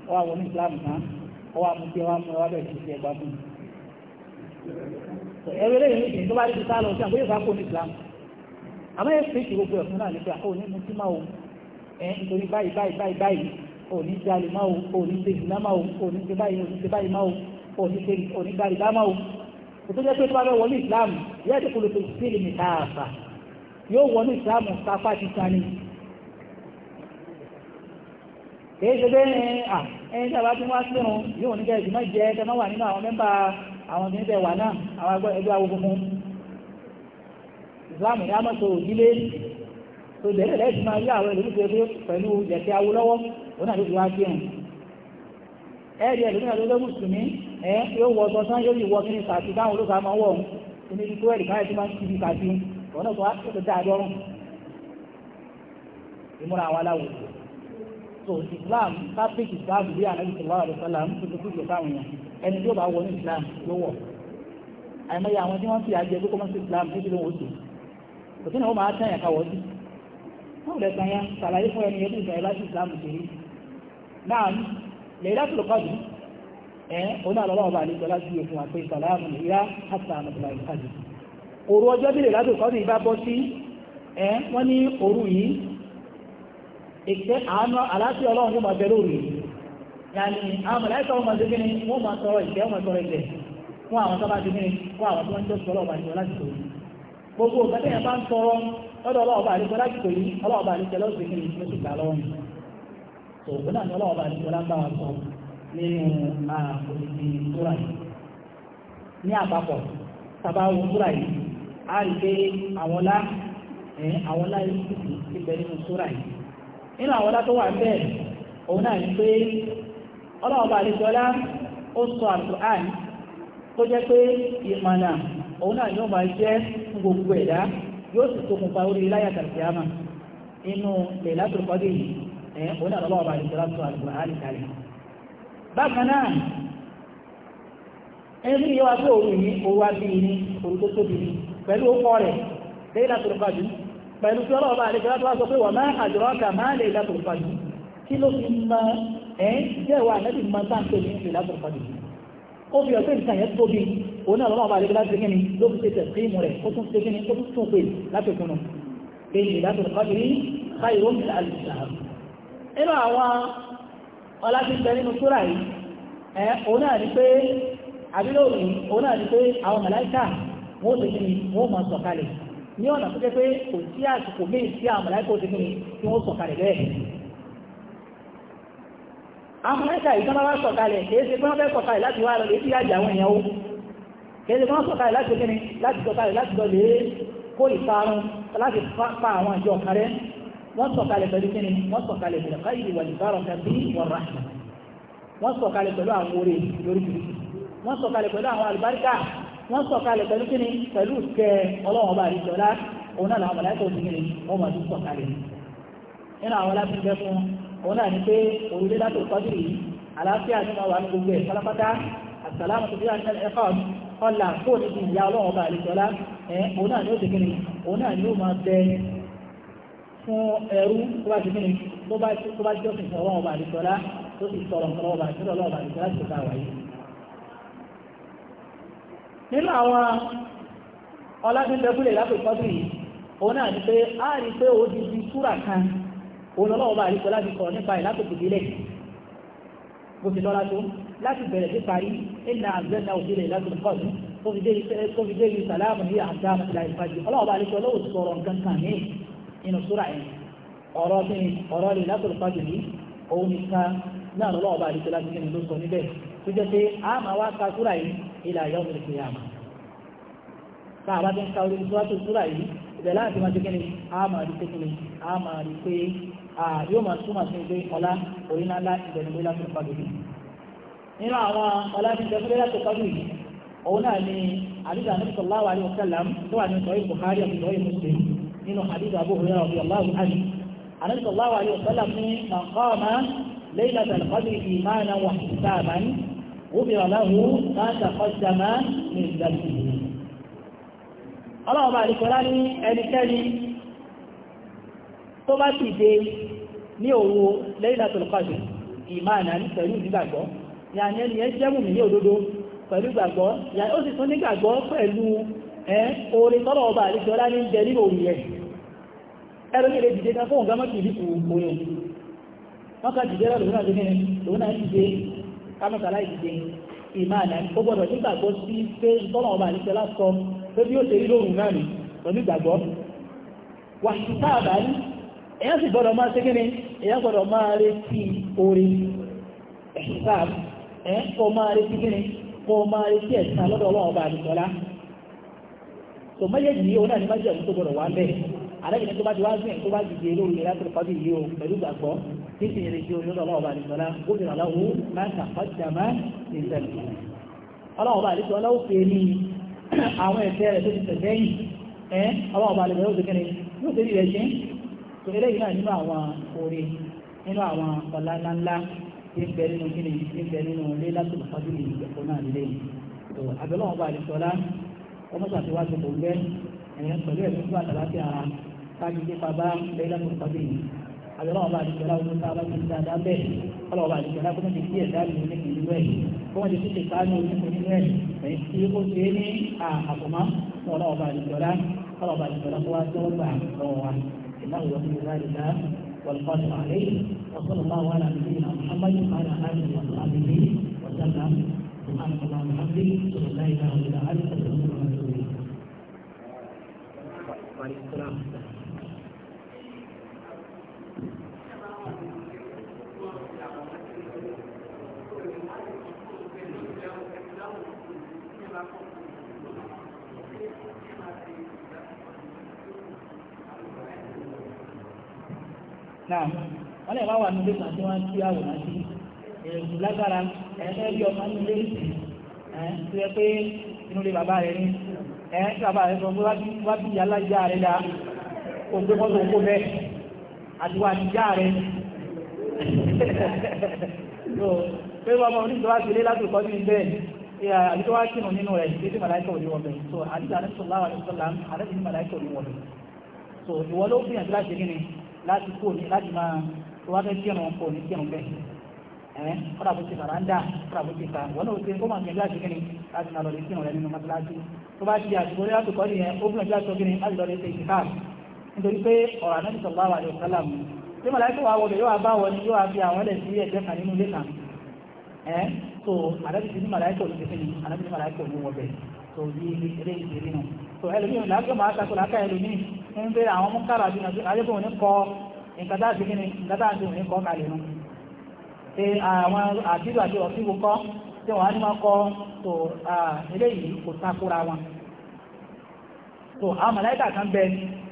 B: ọwọ́ àwọn oníṣìláàmù kan ọwọ́ àmúgbé wa mú ọwọ́ bẹ̀rẹ̀ sí ti ẹgbà fún
C: un ẹ̀rọ eléyìí nìkan tó bá rí ti sá lọ sí àgbéyè bá kó
B: oníṣìláàmù àmọ́ ẹ̀ fèsì gbogbo ẹ̀fún náà ní pé àkó ní mutí máa o ẹ̀ nítorí báyìí báyìí báyìí báyìí ò ní jalè máa o ò ní ṣe ìdílá máa o ò ní ṣe báyìí ò ní ṣe báyìí o ò ní ṣe o ètò jẹ́ pé tó bá fẹ́ wọlé ìsìláàmù yóò ti kìí ṣe bẹ́ẹ̀ ni ẹni tí a bá tún wá sínú yóò ní kẹ́ẹ̀sì má jẹ́ tẹ́ má wà nínú àwọn mẹ́mbà àwọn tí ń tẹ̀ wà náà àwọn ẹgbẹ́ awo Islam ní a mọ̀ tó ìdílé tó bẹ̀rẹ̀ lẹ́sìn máa yá àwọn ìlú pé pẹ̀lú jẹ̀kẹ́ awo lọ́wọ́ òun náà ló ti wá sí ẹ̀hún ẹ̀rí ẹ̀lú náà ló lé mùsùlùmí ẹ̀ yóò wọ ọsọ sáyé yóò wọ kí ni kàtí táwọn olóògbé máa wọ̀ ọ̀hún ní ibi tó ẹ̀rí káyọ̀ tó máa ń ìmúra àwọn aláwọ̀ so islam catholic islam bí anabi sallallahu alayhi wa sallam tó tó tó sáwọn yẹn ẹni tí ó bá wọ ní islam ló wọ àìmọye àwọn tí wọn fi àjẹ kókó mọsí islam ní kí ló ń wò sí kò sí náà ó máa tẹ̀yàn káwọ́ sí wọn ò lẹ́sàn yẹn sàlàyé fún ẹni yẹn ìgbà ìbá islam ṣe rí náà lẹ́yìn láti lọ kọ́dù ẹ̀ ó náà lọ́wọ́ bá àlejò láti yẹ fún wa pé sàlámù ìyá hàtà àmàtàlà ìkàdù òru ọjọ́ bí lè láti kọ́dù ìbá bọ́ sí ẹ̀ wọ́n ní òru yìí ìpẹ́ àánú alasị ọlọ́run yóò máa bẹ lórí yàní àwọn mọ̀láìkà wọn máa ṣe kíni wọ́n máa tọrọ wọn tọrọ àwọn tó bá ti àwọn tó ń tó láti gbogbo bá ń tọrọ lọ́dọ̀ ọlọ́ọ̀bà nìkan láti tòun ọlọ́ọ̀bà nìkan lọ́sẹ̀ kíni ló ti gbà lọ́wọ́ òkú náà ni ọlọ́ọ̀bà nìkan lágbà wọn sọ nínú àpòlìsì tóra yìí ní àpapọ̀ tabawo tóra yìí á rí pé àwọn lá àwọn lá yìí ti bẹ nínú tóra yìí nínú àwọn ọlá tó wà bẹ́ẹ̀ òun náà ni pé ọlọ́ọ̀bà àlejọ́lá ó sọ Al-Qur'an tó jẹ́ pé ọ òun náà yóò máa jẹ́ gbogbo ẹ̀dá yóò sì tókùnfà orí láyà tàbíyàmà inú Lailatul òun náà àlejọ́lá sọ kalẹ̀ bákan náà ẹni òun yìí òun wá bí ní tóbi pẹ̀lú ó kọ́ rẹ̀ pẹ̀lú tí ọlọ́ọ̀bá àríkẹ́ láti wá sọ pé wà máa àjọ́ọ́kà máa lè ìlàtò ìfàjú
C: kí ló fi mọ
B: ẹ́ jẹ́wà lẹ́bí mọ táǹtò ní ìlàtò ìfàjú ó fi ọ̀pẹ́ ìtàn yẹn tóbi òun náà ọlọ́ọ̀bá àríkẹ́ láti gẹ́ni ló fi ṣe tẹ̀síìmù rẹ̀ ó tún ṣe gẹ́ni ó tún tún pè láti kùnú pé ìlàtò ní ọ̀nà tó jẹ́ pé kò sí àsìkò méjì tí àwọn mọ̀láìkà òsì fún mi tí wọ́n sọ̀kalẹ̀ bẹ́ẹ̀ àwọn mọ̀láìkà yìí tánbá wá sọ̀kalẹ̀ kìí ṣe pé wọ́n fẹ́ sọ̀kalẹ̀ láti wá lọ lè fi àjà àwọn èèyàn ó kìí ṣe pé wọ́n sọ̀kalẹ̀ láti kíni láti sọ̀kalẹ̀ láti lọ lè kó ìparun láti pa àwọn àjọ kárẹ́ wọ́n sọ̀kalẹ̀ pẹ̀lú kíni wọ́n sọ̀kalẹ̀ pẹ̀lú àwọn wọ́n sọ̀kalẹ̀ pẹ̀lú kíni pẹ̀lú kẹ ọlọ́wọ́n bá rí jọlá òun náà làwọn mọ̀láìkà òsì kíni wọ́n máa tún sọ̀kalẹ̀ nínú àwọn aláfin bẹ́ fún òun náà ni pé òrùlé látò kọ́jú yìí àlàáfíà ní wàá gbogbo ẹ̀ pátápátá àsàlámù tó bíyà nílẹ̀ ẹ̀kọ́ ọ̀là kó ní ti ìyá ọlọ́wọ́n bá rí jọlá òun náà ni ó ti òun náà ni ó máa bẹ fún ẹrú tó bá nínú àwọn ọlábíńdẹ́kúlẹ̀ lápẹ̀kọ́dù yìí òun náà ni pé a rí pé ó di di súrà kan òun lọ́wọ́ bá àríkọ láti kọ̀ nípa ìlápẹ̀kùdílẹ̀ bó ti lọ́lá tó láti bẹ̀rẹ̀ sí parí ìlà àgbẹ̀dà òdílẹ̀ ìlápẹ̀kọ́dù tó fi dé ní sàlámù ní àdáàmù ìlà ìfàjì ọlọ́wọ́ bá àríkọ lọ́wọ́ sọ̀rọ̀ nǹkan kan ní inú súrà yẹn ọ̀rọ̀ bí ọ̀rọ̀ ìlápẹ̀kọ́dù yìí òun nìkan náà lọ́wọ́ bá àríkọ láti kí tó jẹ́ pé a máa wá ka súrà yìí ilà yọ̀ mi kì í àmà tá a bá ti ń ka orí ìṣúwájú súrà yìí ìbẹ̀ láti máa ti a máa rí kékeré a máa rí pé yóò máa túmọ̀ sí pé ọlá orí náà lá ìbẹ̀ nígbẹ́ láti ń pàdé nínú àwọn ọlá ti ń láti pàdé yìí òun náà ni àdìsá ní sallallahu alaihi wasallam tó wà ní sọ̀rọ̀ Bukhari àti sọ̀rọ̀ Muslim nínú àdìsá Abu Hurairah radiyallahu anhu àdìsá alaihi wasallam ní man qama laylatal qadri imanan wa غفر له ما تقدم من ذنبه ọlọ́ọ̀bá àríkọ́lá ní ẹnikẹ́ni tó bá ti dé ní òru Laylatul Qadr ìmáànà pẹ̀lú ìgbàgbọ́ ya ẹni mi ní òdodo pẹ̀lú ìgbàgbọ́ ya ó sì tún pẹ̀lú ẹ orin ní kámọ́sálá ìdíje ìmáàlá ó nígbàgbọ́ sí pé ìtọ́nà ọba àníṣẹ́ lásọ pé bí ó ṣe rí náà nì pẹ̀lú ìgbàgbọ́ wà sí sáàbà ní èyàn sì gbọ́dọ̀ máa ṣe kíni èyàn gbọ́dọ̀ máa retí orí ẹ̀sáàbù ẹ̀ kó máa retí kíni kó ọba àlẹ́yìn tó bá ti wá sí ẹni tó bá dìde lórí ìlera tó kọ́ bí yìí o pẹ̀lú gbàgbọ́ tí sì ń retí olóòtú ọlọ́wọ́ bá nìkan náà ó bìrọ̀ lọ́wọ́ máa ń tàkọ́jà máa ń tẹ̀lé ọlọ́wọ́ bá nìkan ọlọ́wọ́ fèrè ní àwọn ẹ̀fẹ́ rẹ̀ tó ti tẹ̀lé yìí ẹ́ ọlọ́wọ́ bá nìkan ọlọ́wọ́ kékeré yóò tẹ̀lé rẹ̀ jẹ́ tó eléyìí náà nínú àwọn orin nínú àwọn ọ̀la ńláńlá tí ẹ̀yẹn pẹ̀lú ẹ̀sùn tó àtàlákì ara káàkiri nípa bá lẹ́yìn lọ́kùnrin pàdé yìí àbẹ̀rẹ̀ ọba àdìgbẹ́lá ọdún tá a bá ti ń dáadáa bẹ́ẹ̀ kọ́lọ̀ ọba àdìgbẹ́lá kó mọ̀jẹ̀ sí ẹ̀dá mi ní ìlú ẹ̀ kó mọ̀jẹ̀ sí ṣèkà ní onímọ̀ nínú ẹ̀ ẹ̀yìn tí ó ṣe é ní àkọ́mọ́ kọ́lọ̀ ọba àdìgbẹ́lá kọ́lọ̀ ọba àdìgbẹ́lá kó wá tẹ́wọ́ gbà lọ́wọ́ wa
A: ìlànà ìwọ̀n ìlú àdìgbà والقادر عليه وصلى الله على نبينا محمد وعلى اله وصحبه وسلم سبحانك اللهم وبحمدك اشهد ان لا اله الا انت استغفرك náà wọ́n
B: lè bá wà nílé kan tí wọ́n ti àwòrán sí èrò lágbára ẹ̀ẹ́dẹ́gbẹ́ ọmọ nílé ẹ̀ tó yẹ pé inú ilé bàbá rẹ̀ ní ẹ̀ sábà rẹ̀ sọ wá bí ìyá láyá rẹ̀ dá ògbé mọ́tò òkú bẹ́ẹ̀ àdúgbò àdìjá rẹ̀ pé wọ́n mọ̀ oníṣẹ́ wá sí ilé láti ìkọ́ sí bẹ́ẹ̀ àdúgbò wá kínú nínú rẹ̀ títí màláìkà òní wọ̀bẹ̀ so àdúgbò àdúgbò àdúgbò màláìkà òní wọ̀bẹ̀ so ìwọ ló fi hàn láti gíní láti kó ní láti máa tó wá fẹ́ kírun kò ní kírun bẹ́ẹ̀ ẹ̀ eh, kọ́dà bó ti fàràǹdà kọ́dà bó ti fà wọ́n náà ṣe kó máa gbẹ̀dọ̀ àti kíni láti máa lọ lè sínú rẹ̀ nínú mọ́tíláṣí tó bá ti àsìkò ní láti kọ́ nìyẹn ó gbìyànjú àti kíni láti lọ lè ṣe ìṣìká nítorí pé ọ̀rọ̀ ànábì sallallahu alaihi wasallam tí màláìkà wà wọlé yóò bá wọn yóò fi àwọn ẹlẹ̀ sí ẹ̀jẹ̀ kan nínú ilé kan ẹ̀ eh, tó ànábì ti ní màláìkà òun ti fi ní ànábì ní màláìkà òun wọ̀ bẹ̀ tó bí eléyìí ti rí nù tó ẹlòmíràn làákẹ́ máa kakọ̀ làákẹ́ ẹlòmíràn ń bẹ àwọn mú kára àbí nàìjíríà ayébọ̀n ní kọ́ nǹkan tá a ti kí ni nǹkan tá a ti wọ̀n ní kọ́ kalẹ̀ nù pé àwọn àbílù àti ọ̀síwò kọ́ tí wọ́n á ní máa kọ́ tó eléyìí kò takora wọn tó àwọn màláìkà kan bẹ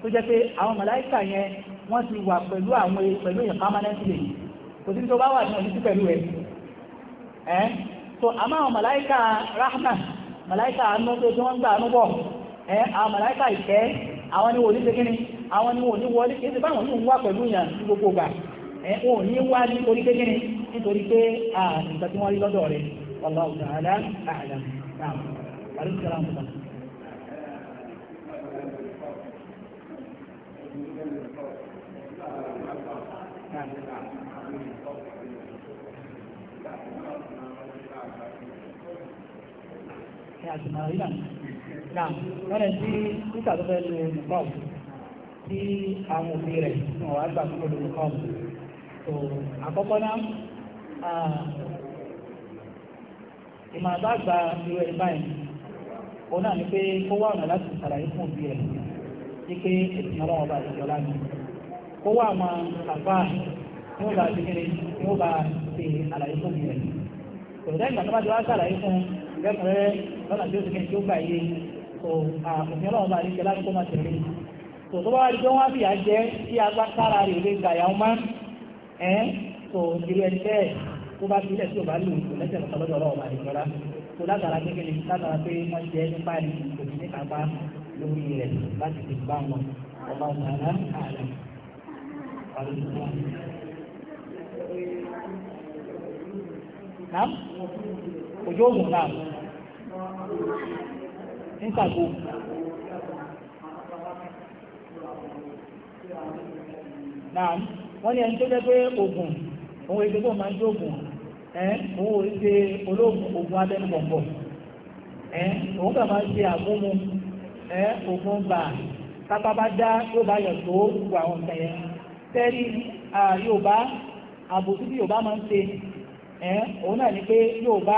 B: tó jẹ́ pé àwọn màláìkà yẹn wọ́n ti wà pẹ̀lú àwọn pẹ̀lú èèyàn permanently kò sí tó bá wà ní ọ̀sí pẹ̀lú ẹ̀ ẹ́ so àmọ́ àwọn màláìkà rahma màláìkà àánú tó tí wọ́n gbà àánú bọ̀ ẹ́ àwọn màláìkà ìkẹ́ àwọn ni wò ní ṣe kíni àwọn ni wò ní wọlé kí ti báwọn ní wà ẹ̀kún ò ní wá nítorí pé kíni nítorí pé àìsàn tí wọ́n rí lọ́dọ̀ rẹ̀ wallahu ta'ala a'lam náà parí ìṣẹ́lá
C: mọ́ta. Ẹ àti màrí náà. Náà, wọ́n rẹ̀ sí
B: títà tó fẹ́ lo nìkan tí àwọn òbí rẹ̀ wọ́n wá gbà fún olùkọ́ tó àkọ́kọ́ náà ìmọ̀ àbá gba irú ẹni báyìí òun náà ni pé kó wá ọ̀nà láti ṣàlàyé fún òbí rẹ̀ ní pé ẹ̀sìn ọlọ́wọ́ bá ti jọlá ni kó wá àwọn àbá ní ó bá ti kéré ní ó bá ti àlàyé fún òbí rẹ̀ òun dẹ́gbà tó bá ti wá ṣàlàyé fún ìgbẹ́kùnrẹ́ lọ́nà tí ó ti kéré tí ó gbà yé tó òfin ọlọ́wọ́ bá ti jọlá ni kó máa tẹ̀lé tó wá di pé wọ́n á bìyà jẹ́ kí ẹ̀ tó irú ẹni bẹ́ẹ̀ tó bá sílẹ̀ tí ò bá lù kò lẹ́sẹ̀ lọ́sọ̀ lọ́dọ̀ ọ̀rọ̀ àti ìjọba tó látara pé kíni látara pé wọ́n jẹ́ nípa
A: ẹni kò sí ní kápá lórí rẹ̀ láti fi bá wọn ọba ọ̀tàrà àlẹ́ Nam? Òjò òmùn náà. Nígbàgbó.
B: Nam? wọ́n ní ẹni tó jẹ́ pé oògùn òun èdè tó máa ń jóògùn ẹ̀ òun ò ṣe olóògùn oògùn abẹ́nupọ̀pọ̀ ẹ̀ òun kà máa ń ṣe àgúnmu ẹ̀ oògùn bà kápá bá dá yóò bá yọ̀ tó gbogbo àwọn nǹkan yẹn tẹ́rí Yorùbá àbòsí tí Yorùbá máa ń ṣe ẹ̀ òun náà ni pé Yorùbá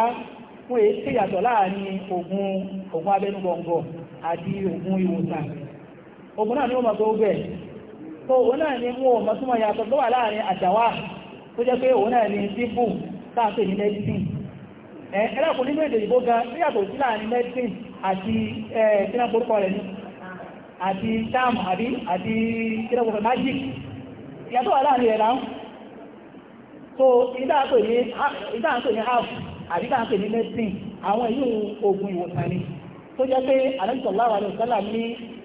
B: fún èyí tí yàtọ̀ láàrin ogun ogun abẹnugọ̀ngọ̀ àti ogun ìwòsàn ogun náà ni ó mọ̀ tó bẹ̀ tó òun náà ni mú ọmọ túnmọ̀ yàtọ̀ tó wà láàrin àjàwà tó jẹ́ pé òun náà ni dípù táàpẹ̀ ní medicine ẹlẹ́kùn nínú èdè ìbò gan ní yàtọ̀ sí láàrin medicine àti kínápórúkọ rẹ̀ ní àti tam àbí àti kínápórúkọ magic yàtọ̀ wà láàrin rẹ̀ láhùn so ìdáàpẹ̀ ní half àbí ìdáàpẹ̀ ní medicine àwọn èyí ògùn ìwòsàn ni tó jẹ́ pé àlẹ́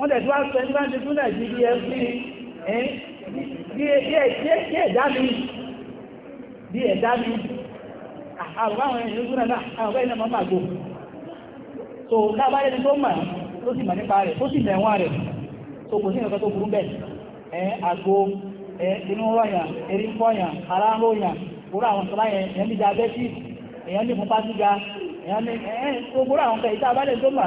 B: wọ́n tẹ̀ tó wá sọ ẹni bá ń tuntun náà sí bí ẹbí bí ẹ̀dá mi bí ẹ̀dá mi àwọn àwọn tó náà àwọn ẹ̀nà máa máa gbò so káàbá ẹni tó mà tó sì mà nípa rẹ̀ tó sì mẹ̀wọ́n rẹ̀ kò sí ẹ̀kọ́ tó burú bẹ̀ inú rọ̀yàn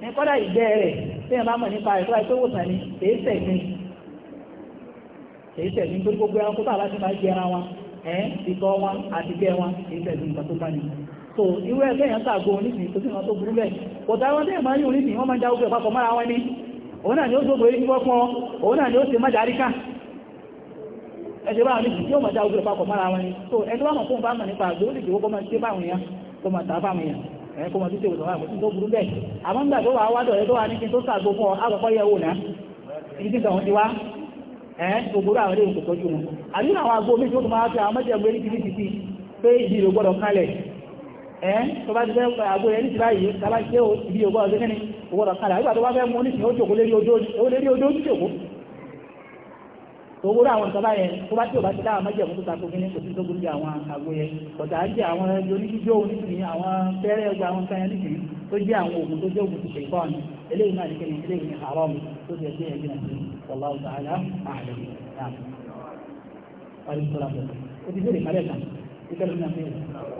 B: ní ije ìgbẹ́ rẹ̀ tí ẹ bá mọ̀ nípa ẹ̀kọ́ àìpé wòsàn ni èyí sẹ̀gbìn èyí sẹ̀gbìn tó gbogbo ẹranko tó àbáṣe máa jẹra wọn ẹ̀ ìtọ́ wọn àti bẹ́ẹ̀ wọn nǹkan tó bá ní. so irú ẹgbẹ́ yẹn sàgó òun náà ni ó má tí ó máa mọ́ra wọn so bá mọ̀ nípa àgbẹ̀ ó máa ṣe báwọn yẹn ẹ̀kọ́ mọ̀ títí òṣùwà kò tí tó burú bẹ́ẹ̀ àmọ́ nígbà tó wà wádọ̀ rẹ tó wà ní kí n tó sàgbó fún ọ àkọ́kọ́ yẹ wò náà ibi tí sọ̀rọ̀ ti wá ẹ̀ ògbóró àwọn ilé ìkòkò jù wọn àbí àwọn agbó méjì ó tó máa fi àwọn mẹ́jẹ̀ gbé ní kìí ti ti pé ìdí ìrò gbọ́dọ̀ kalẹ̀ ẹ̀ tó bá ti fẹ́ agbó rẹ̀ níti báyìí tàbá ti ṣe ìdí ìrò gbọ́dọ̀ kalẹ̀ àgbà tó bá fẹ́ mú ní ìsìn ó jòkó lérí ojú òjòkó owó àwọn ìjọba yẹn tó bá tí ò bá ti dáhà májèmú tó takò kíní kò sí tó gbórí àwọn àgbo yẹn ọ̀tà á jẹ́ àwọn oníjíjó oníṣìí àwọn fẹ́rẹ́ ọgbà àwọn kan yẹn nìṣìí tó jẹ́ àwọn oògùn tó jẹ́ oògùn tìṣe ìkọ́ ni eléyìí náà nìkan eléyìí ni haram tó ti ẹgbẹ́ ẹgbẹ́ náà ta'ala a'lam náà. wàlúùsọ̀rọ̀ àbẹ̀wò ó ti bẹ̀rẹ̀ kan ó bẹ̀rẹ̀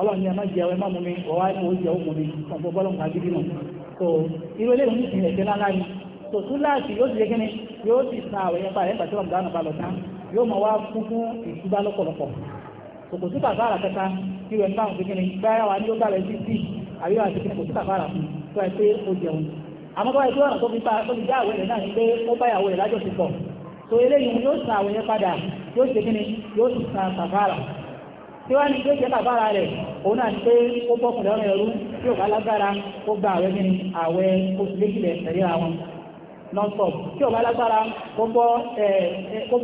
B: ọlọ́run ní ẹ má jẹ ẹ má mú mi ọwá ẹ̀ oúnjẹ ó mú mi ọ̀pọ̀ bọ́lọ̀mù agídí nù so irú eléyìí ní ìrìn ẹ̀jẹ̀ ńlá ni so tún láti yóò ti lékene yóò ti san àwẹ̀ yẹn parẹ́ pàṣẹ ọ̀gá ọ̀nà balọ̀ tán yóò máa wá kún fún ìtúbá lọ́pọ̀lọpọ̀ so kò sí kàfàrà kẹta kí rẹ̀ báwọn kékeré báyà wa ní ó bàrẹ̀ sí sí àríwá àti kò sí kàfàrà fún tó ẹ pé ó jẹun àmọ́ tó wáyé tó ọ̀nà tó so eléyìí yóò san àwẹ̀ yẹn padà yóò ṣe kíni yóò sì san tí wọ́n ní tó jẹ́ bàbára rẹ̀ òun náà pé ó bọ́kùnrin ọ̀rọ̀ ẹ̀rú tí ò bá lágbára ó gba àwẹ̀ nínú àwẹ̀ oṣù méjìlẹ̀ ẹ̀rí àwọn nọ́ọ̀tọ̀ tí ò bá lágbára kó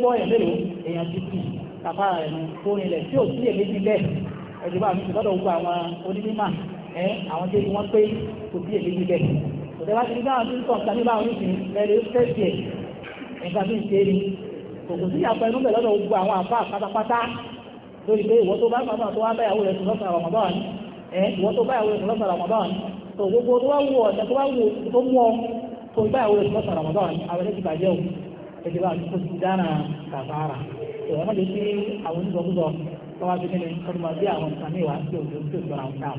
B: bọ́ ẹ̀mẹ́rò èèyàn títì bàbára rẹ̀ nù tó rinlẹ̀ tí ò sí èméjì bẹ́ẹ̀ ẹ̀dùnbà mi ti lọ́dọ̀ gbogbo àwọn onímọ̀ ẹ̀ àwọn tí wọ́n pé kò sí èméjì bẹ́ẹ̀ òtẹ́wá ti ní báwọn tí ń sọ̀ tàbí báwọn oníṣìí lẹ́rẹ̀ fẹ́ẹ̀sì ẹ̀ nǹkan é ni kò sí àpẹẹrú bẹ̀ lọ́dọ̀ gbogbo àwọn àbá lórí pé ìwọ́n tó bá bàbá tó wá báyàwó rẹ̀ sùn lọ́sàn Ramadan ẹ̀ ìwọ́n tó báyàwó rẹ̀ sùn lọ́sàn Ramadan tó gbogbo tó wá wù ọ̀nà tó wá wù tó mú ọ tó báyàwó rẹ̀ sùn lọ́sàn Ramadan àwọn ẹlẹ́tì bàjẹ́ o ẹ̀dì bá tó ti dára kàfàrà ìwọ́n má lè fi àwọn onígbọ̀gbọ̀ tó wá bíi nínú kọ́ni
A: máa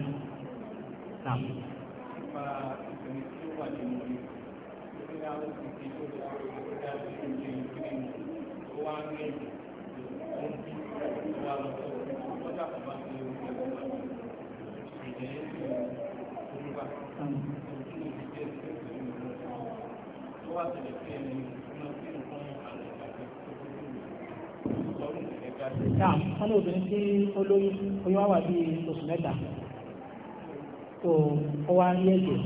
A: Thank you. náà wọ́n
B: ní obìnrin tí ó lóyún oyún wà bí oṣù mẹ́ta tó ó wá ní ẹ̀jẹ̀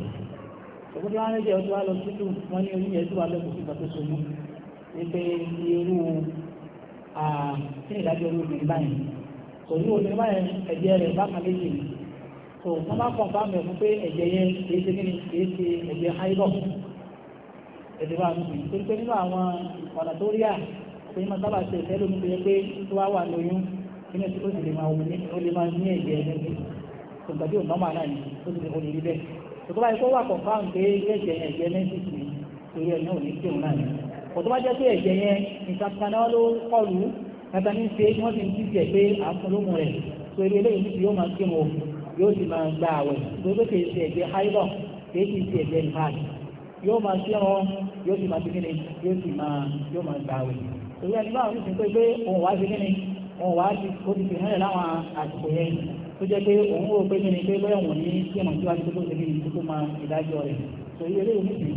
B: òkú tí wọ́n ní ẹ̀jẹ̀ ó tó wá lọ títù wọ́n ní oyún yẹn tó wá lọ́kùn sí ìgbà tó soyún wípé irú kí ni ìdájọ́ irú obìnrin báyìí tó irú obìnrin báyìí ẹ̀jẹ̀ rẹ̀ bákan méjì ni tó wọ́n bá kọ̀ǹfà mẹ́fún pé ẹ̀jẹ̀ yẹn kìí ṣe kí ni kìí ṣe ẹ̀jẹ̀ háìbọ̀ ẹ̀dẹ̀ bá mi torí pé nínú àwọn ọ̀nà tó rí à pé má sábà ṣe ìfẹ́ lómi tó yẹ pé tó wá wà lóyún nínú tí ó sì lè máa wù ní ó lè máa ní ẹ̀jẹ̀ ẹ̀jẹ̀ tòǹgbà tí ò nọ́mà náà ni ó sì lè kó lè rí bẹ́ẹ̀ tòkó báyìí kó wà kọ̀ọ̀kan pé ẹ̀jẹ̀ ẹ̀jẹ̀ mẹ́sìsì torí ẹ̀ náà ní kí òun náà ni kò tó bá jẹ́ pé ẹ̀jẹ̀ yẹn nǹkan kan náà ló kọlù kàtà ní ṣe wọ́n ti ń jíjẹ̀ pé à ń yóò máa ṣe wọn yóò sì máa ṣe kíni yóò sì máa yóò máa gbà wẹ̀ torí ẹni báwọn oníṣẹ́ pé pé òun wá ṣe kíni òun wá ti ó ti fi hẹ́rẹ̀ láwọn àsìkò yẹn tó jẹ́ pé òun wò pé kíni pé bóyá òun ní kí ẹ̀mọ̀ tí wàá ti tó ṣe kíni tó máa ìdájọ́ rẹ̀ torí eléyìí ní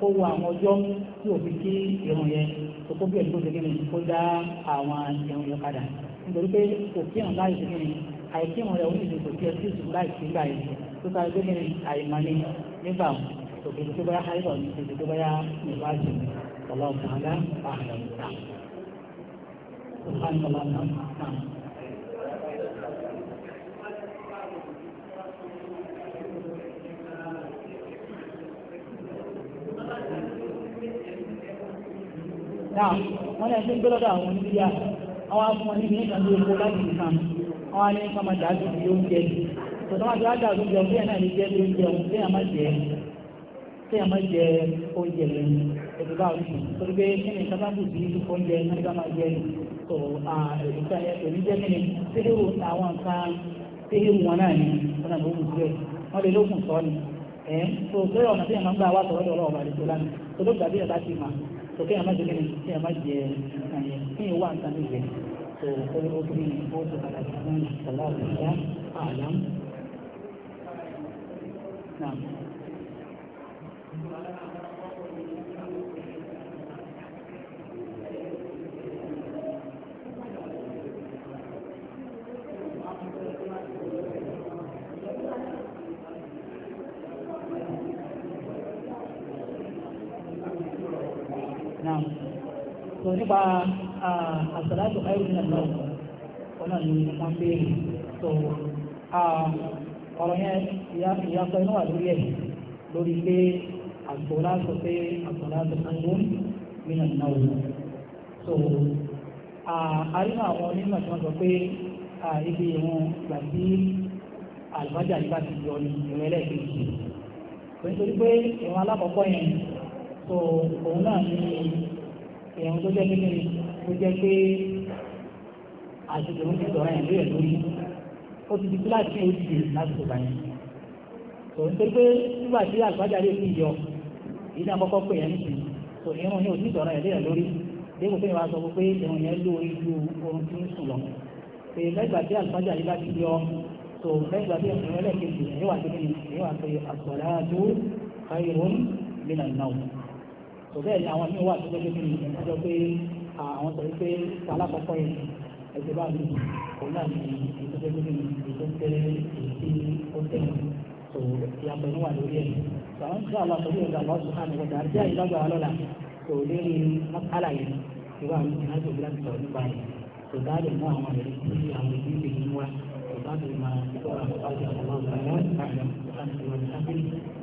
B: kó wo àwọn ọjọ́ tí òfin kí irun yẹn tó kó bí ẹni tó ṣe kíni kó dá àwọn irun yẹn padà nítorí pé òfin àwọn láì ṣe kíni àìkí ìwọ̀n rẹ̀ oníṣẹ́ kò tiẹ̀ sí ìṣùgbọ́n láì sí ìgbà yìí tó ká gbé kíni àìmọ́ni nígbà wọn òkèèrè tó báyá àìsàn ní
A: òkèèrè tó báyá ìwájú ọlọ́run tààlà
C: ààrẹ ìta سبحانك اللهم وبحمدك náà wọ́n ní ẹ̀sìn
B: gbọ́lọ́dọ̀ àwọn oníbíyà àwọn afúnwọn níbi nígbà ní epo láti nìkan àwọn alẹ́ máa dàájú bí oúnjẹ tó tó máa dàájú bí oúnjẹ náà lè jẹ́ oúnjẹ òun lè máa jẹ́ kí ẹ má jẹ oúnjẹ rẹ ẹ̀dùn bá oríṣi torí pé kí ni sí oúnjẹ náà bá máa jẹ tó ẹ̀dùnká ẹ̀dùn jẹ́ kí ni tíhìrù àwọn nǹkan tíhìrù wọn náà ni wọn náà ló sí ẹ̀ wọ́n lè lókun sọ ni ẹ̀ tó bẹ́ẹ̀ ọ̀nà tí ẹ̀ máa ń gbà wá sọ̀rọ̀ lọ́wọ́ ọ̀bà àdìsọ lánàá tó ló gbà bí ti mà tó kí ẹ má jẹ kí ni kí ẹ jẹ nǹkan yẹn kí ẹ wá nǹkan ni so ọ̀rọ̀ yẹn ìyàtọ̀ inú wà lórí ẹ̀ lórí pé àgbọ̀lá sọ pé àgbọ̀lá sọ pé ó so àrínà àwọn onímọ̀ tí wọ́n sọ pé ibi ìwọ̀n gbà sí àlùbájà yìí bá ti yọ ní ìrìn alákọ̀ọ́kọ́ yẹn so òun náà ní ìwọ̀n tó tó jẹ́ pé àṣìṣe oúnjẹ sọ̀rọ̀ ẹ̀ lórí ẹ̀ lórí ó ti di kíláàsì ó ti dè láti tó báyìí tó ń pé pé nígbà tí àgbájá lè fi yọ ìdí àkọ́kọ́ pé yẹn nìkan tó irun yẹn ò ní sọ̀rọ̀ ẹ̀ lórí ẹ̀ lórí dégò pé wàá sọ pé irun yẹn ló ojú oorun tí ń sùn lọ pé lẹ́gbà tí àgbájá lè bá ti yọ tó lẹ́gbà tí ẹ̀sìn ẹlẹ́kejì ẹ̀ wà pé ẹ̀ wà pé àgbàlá tó káyọ̀ náà tó bẹ́ẹ̀ ni àwọn míì wà tó lọ́jọ́ pé àwọn sọ
A: pé ẹgbẹ́ bá mi kò náà ní ìtọ́jú lórí ìtọ́jú èsì ọ̀tẹ̀ tó ìyàtọ̀ níwà lórí ẹ̀. sọ̀rọ̀ ní àlọ́ àtọ́jú ẹ̀dá lọ́wọ́ sọ̀rọ̀ àmì ọ̀dà
B: àti àyè lágbára lọ́la
A: tó lérí mọ́kálà yìí ìwà àwọn ìdílé àti òbílà sọ̀rọ̀ nípa rẹ̀ tó dáàbò mọ́ àwọn ẹ̀rí tí àwọn ìdílé yìí wá tó dáàbò
C: máa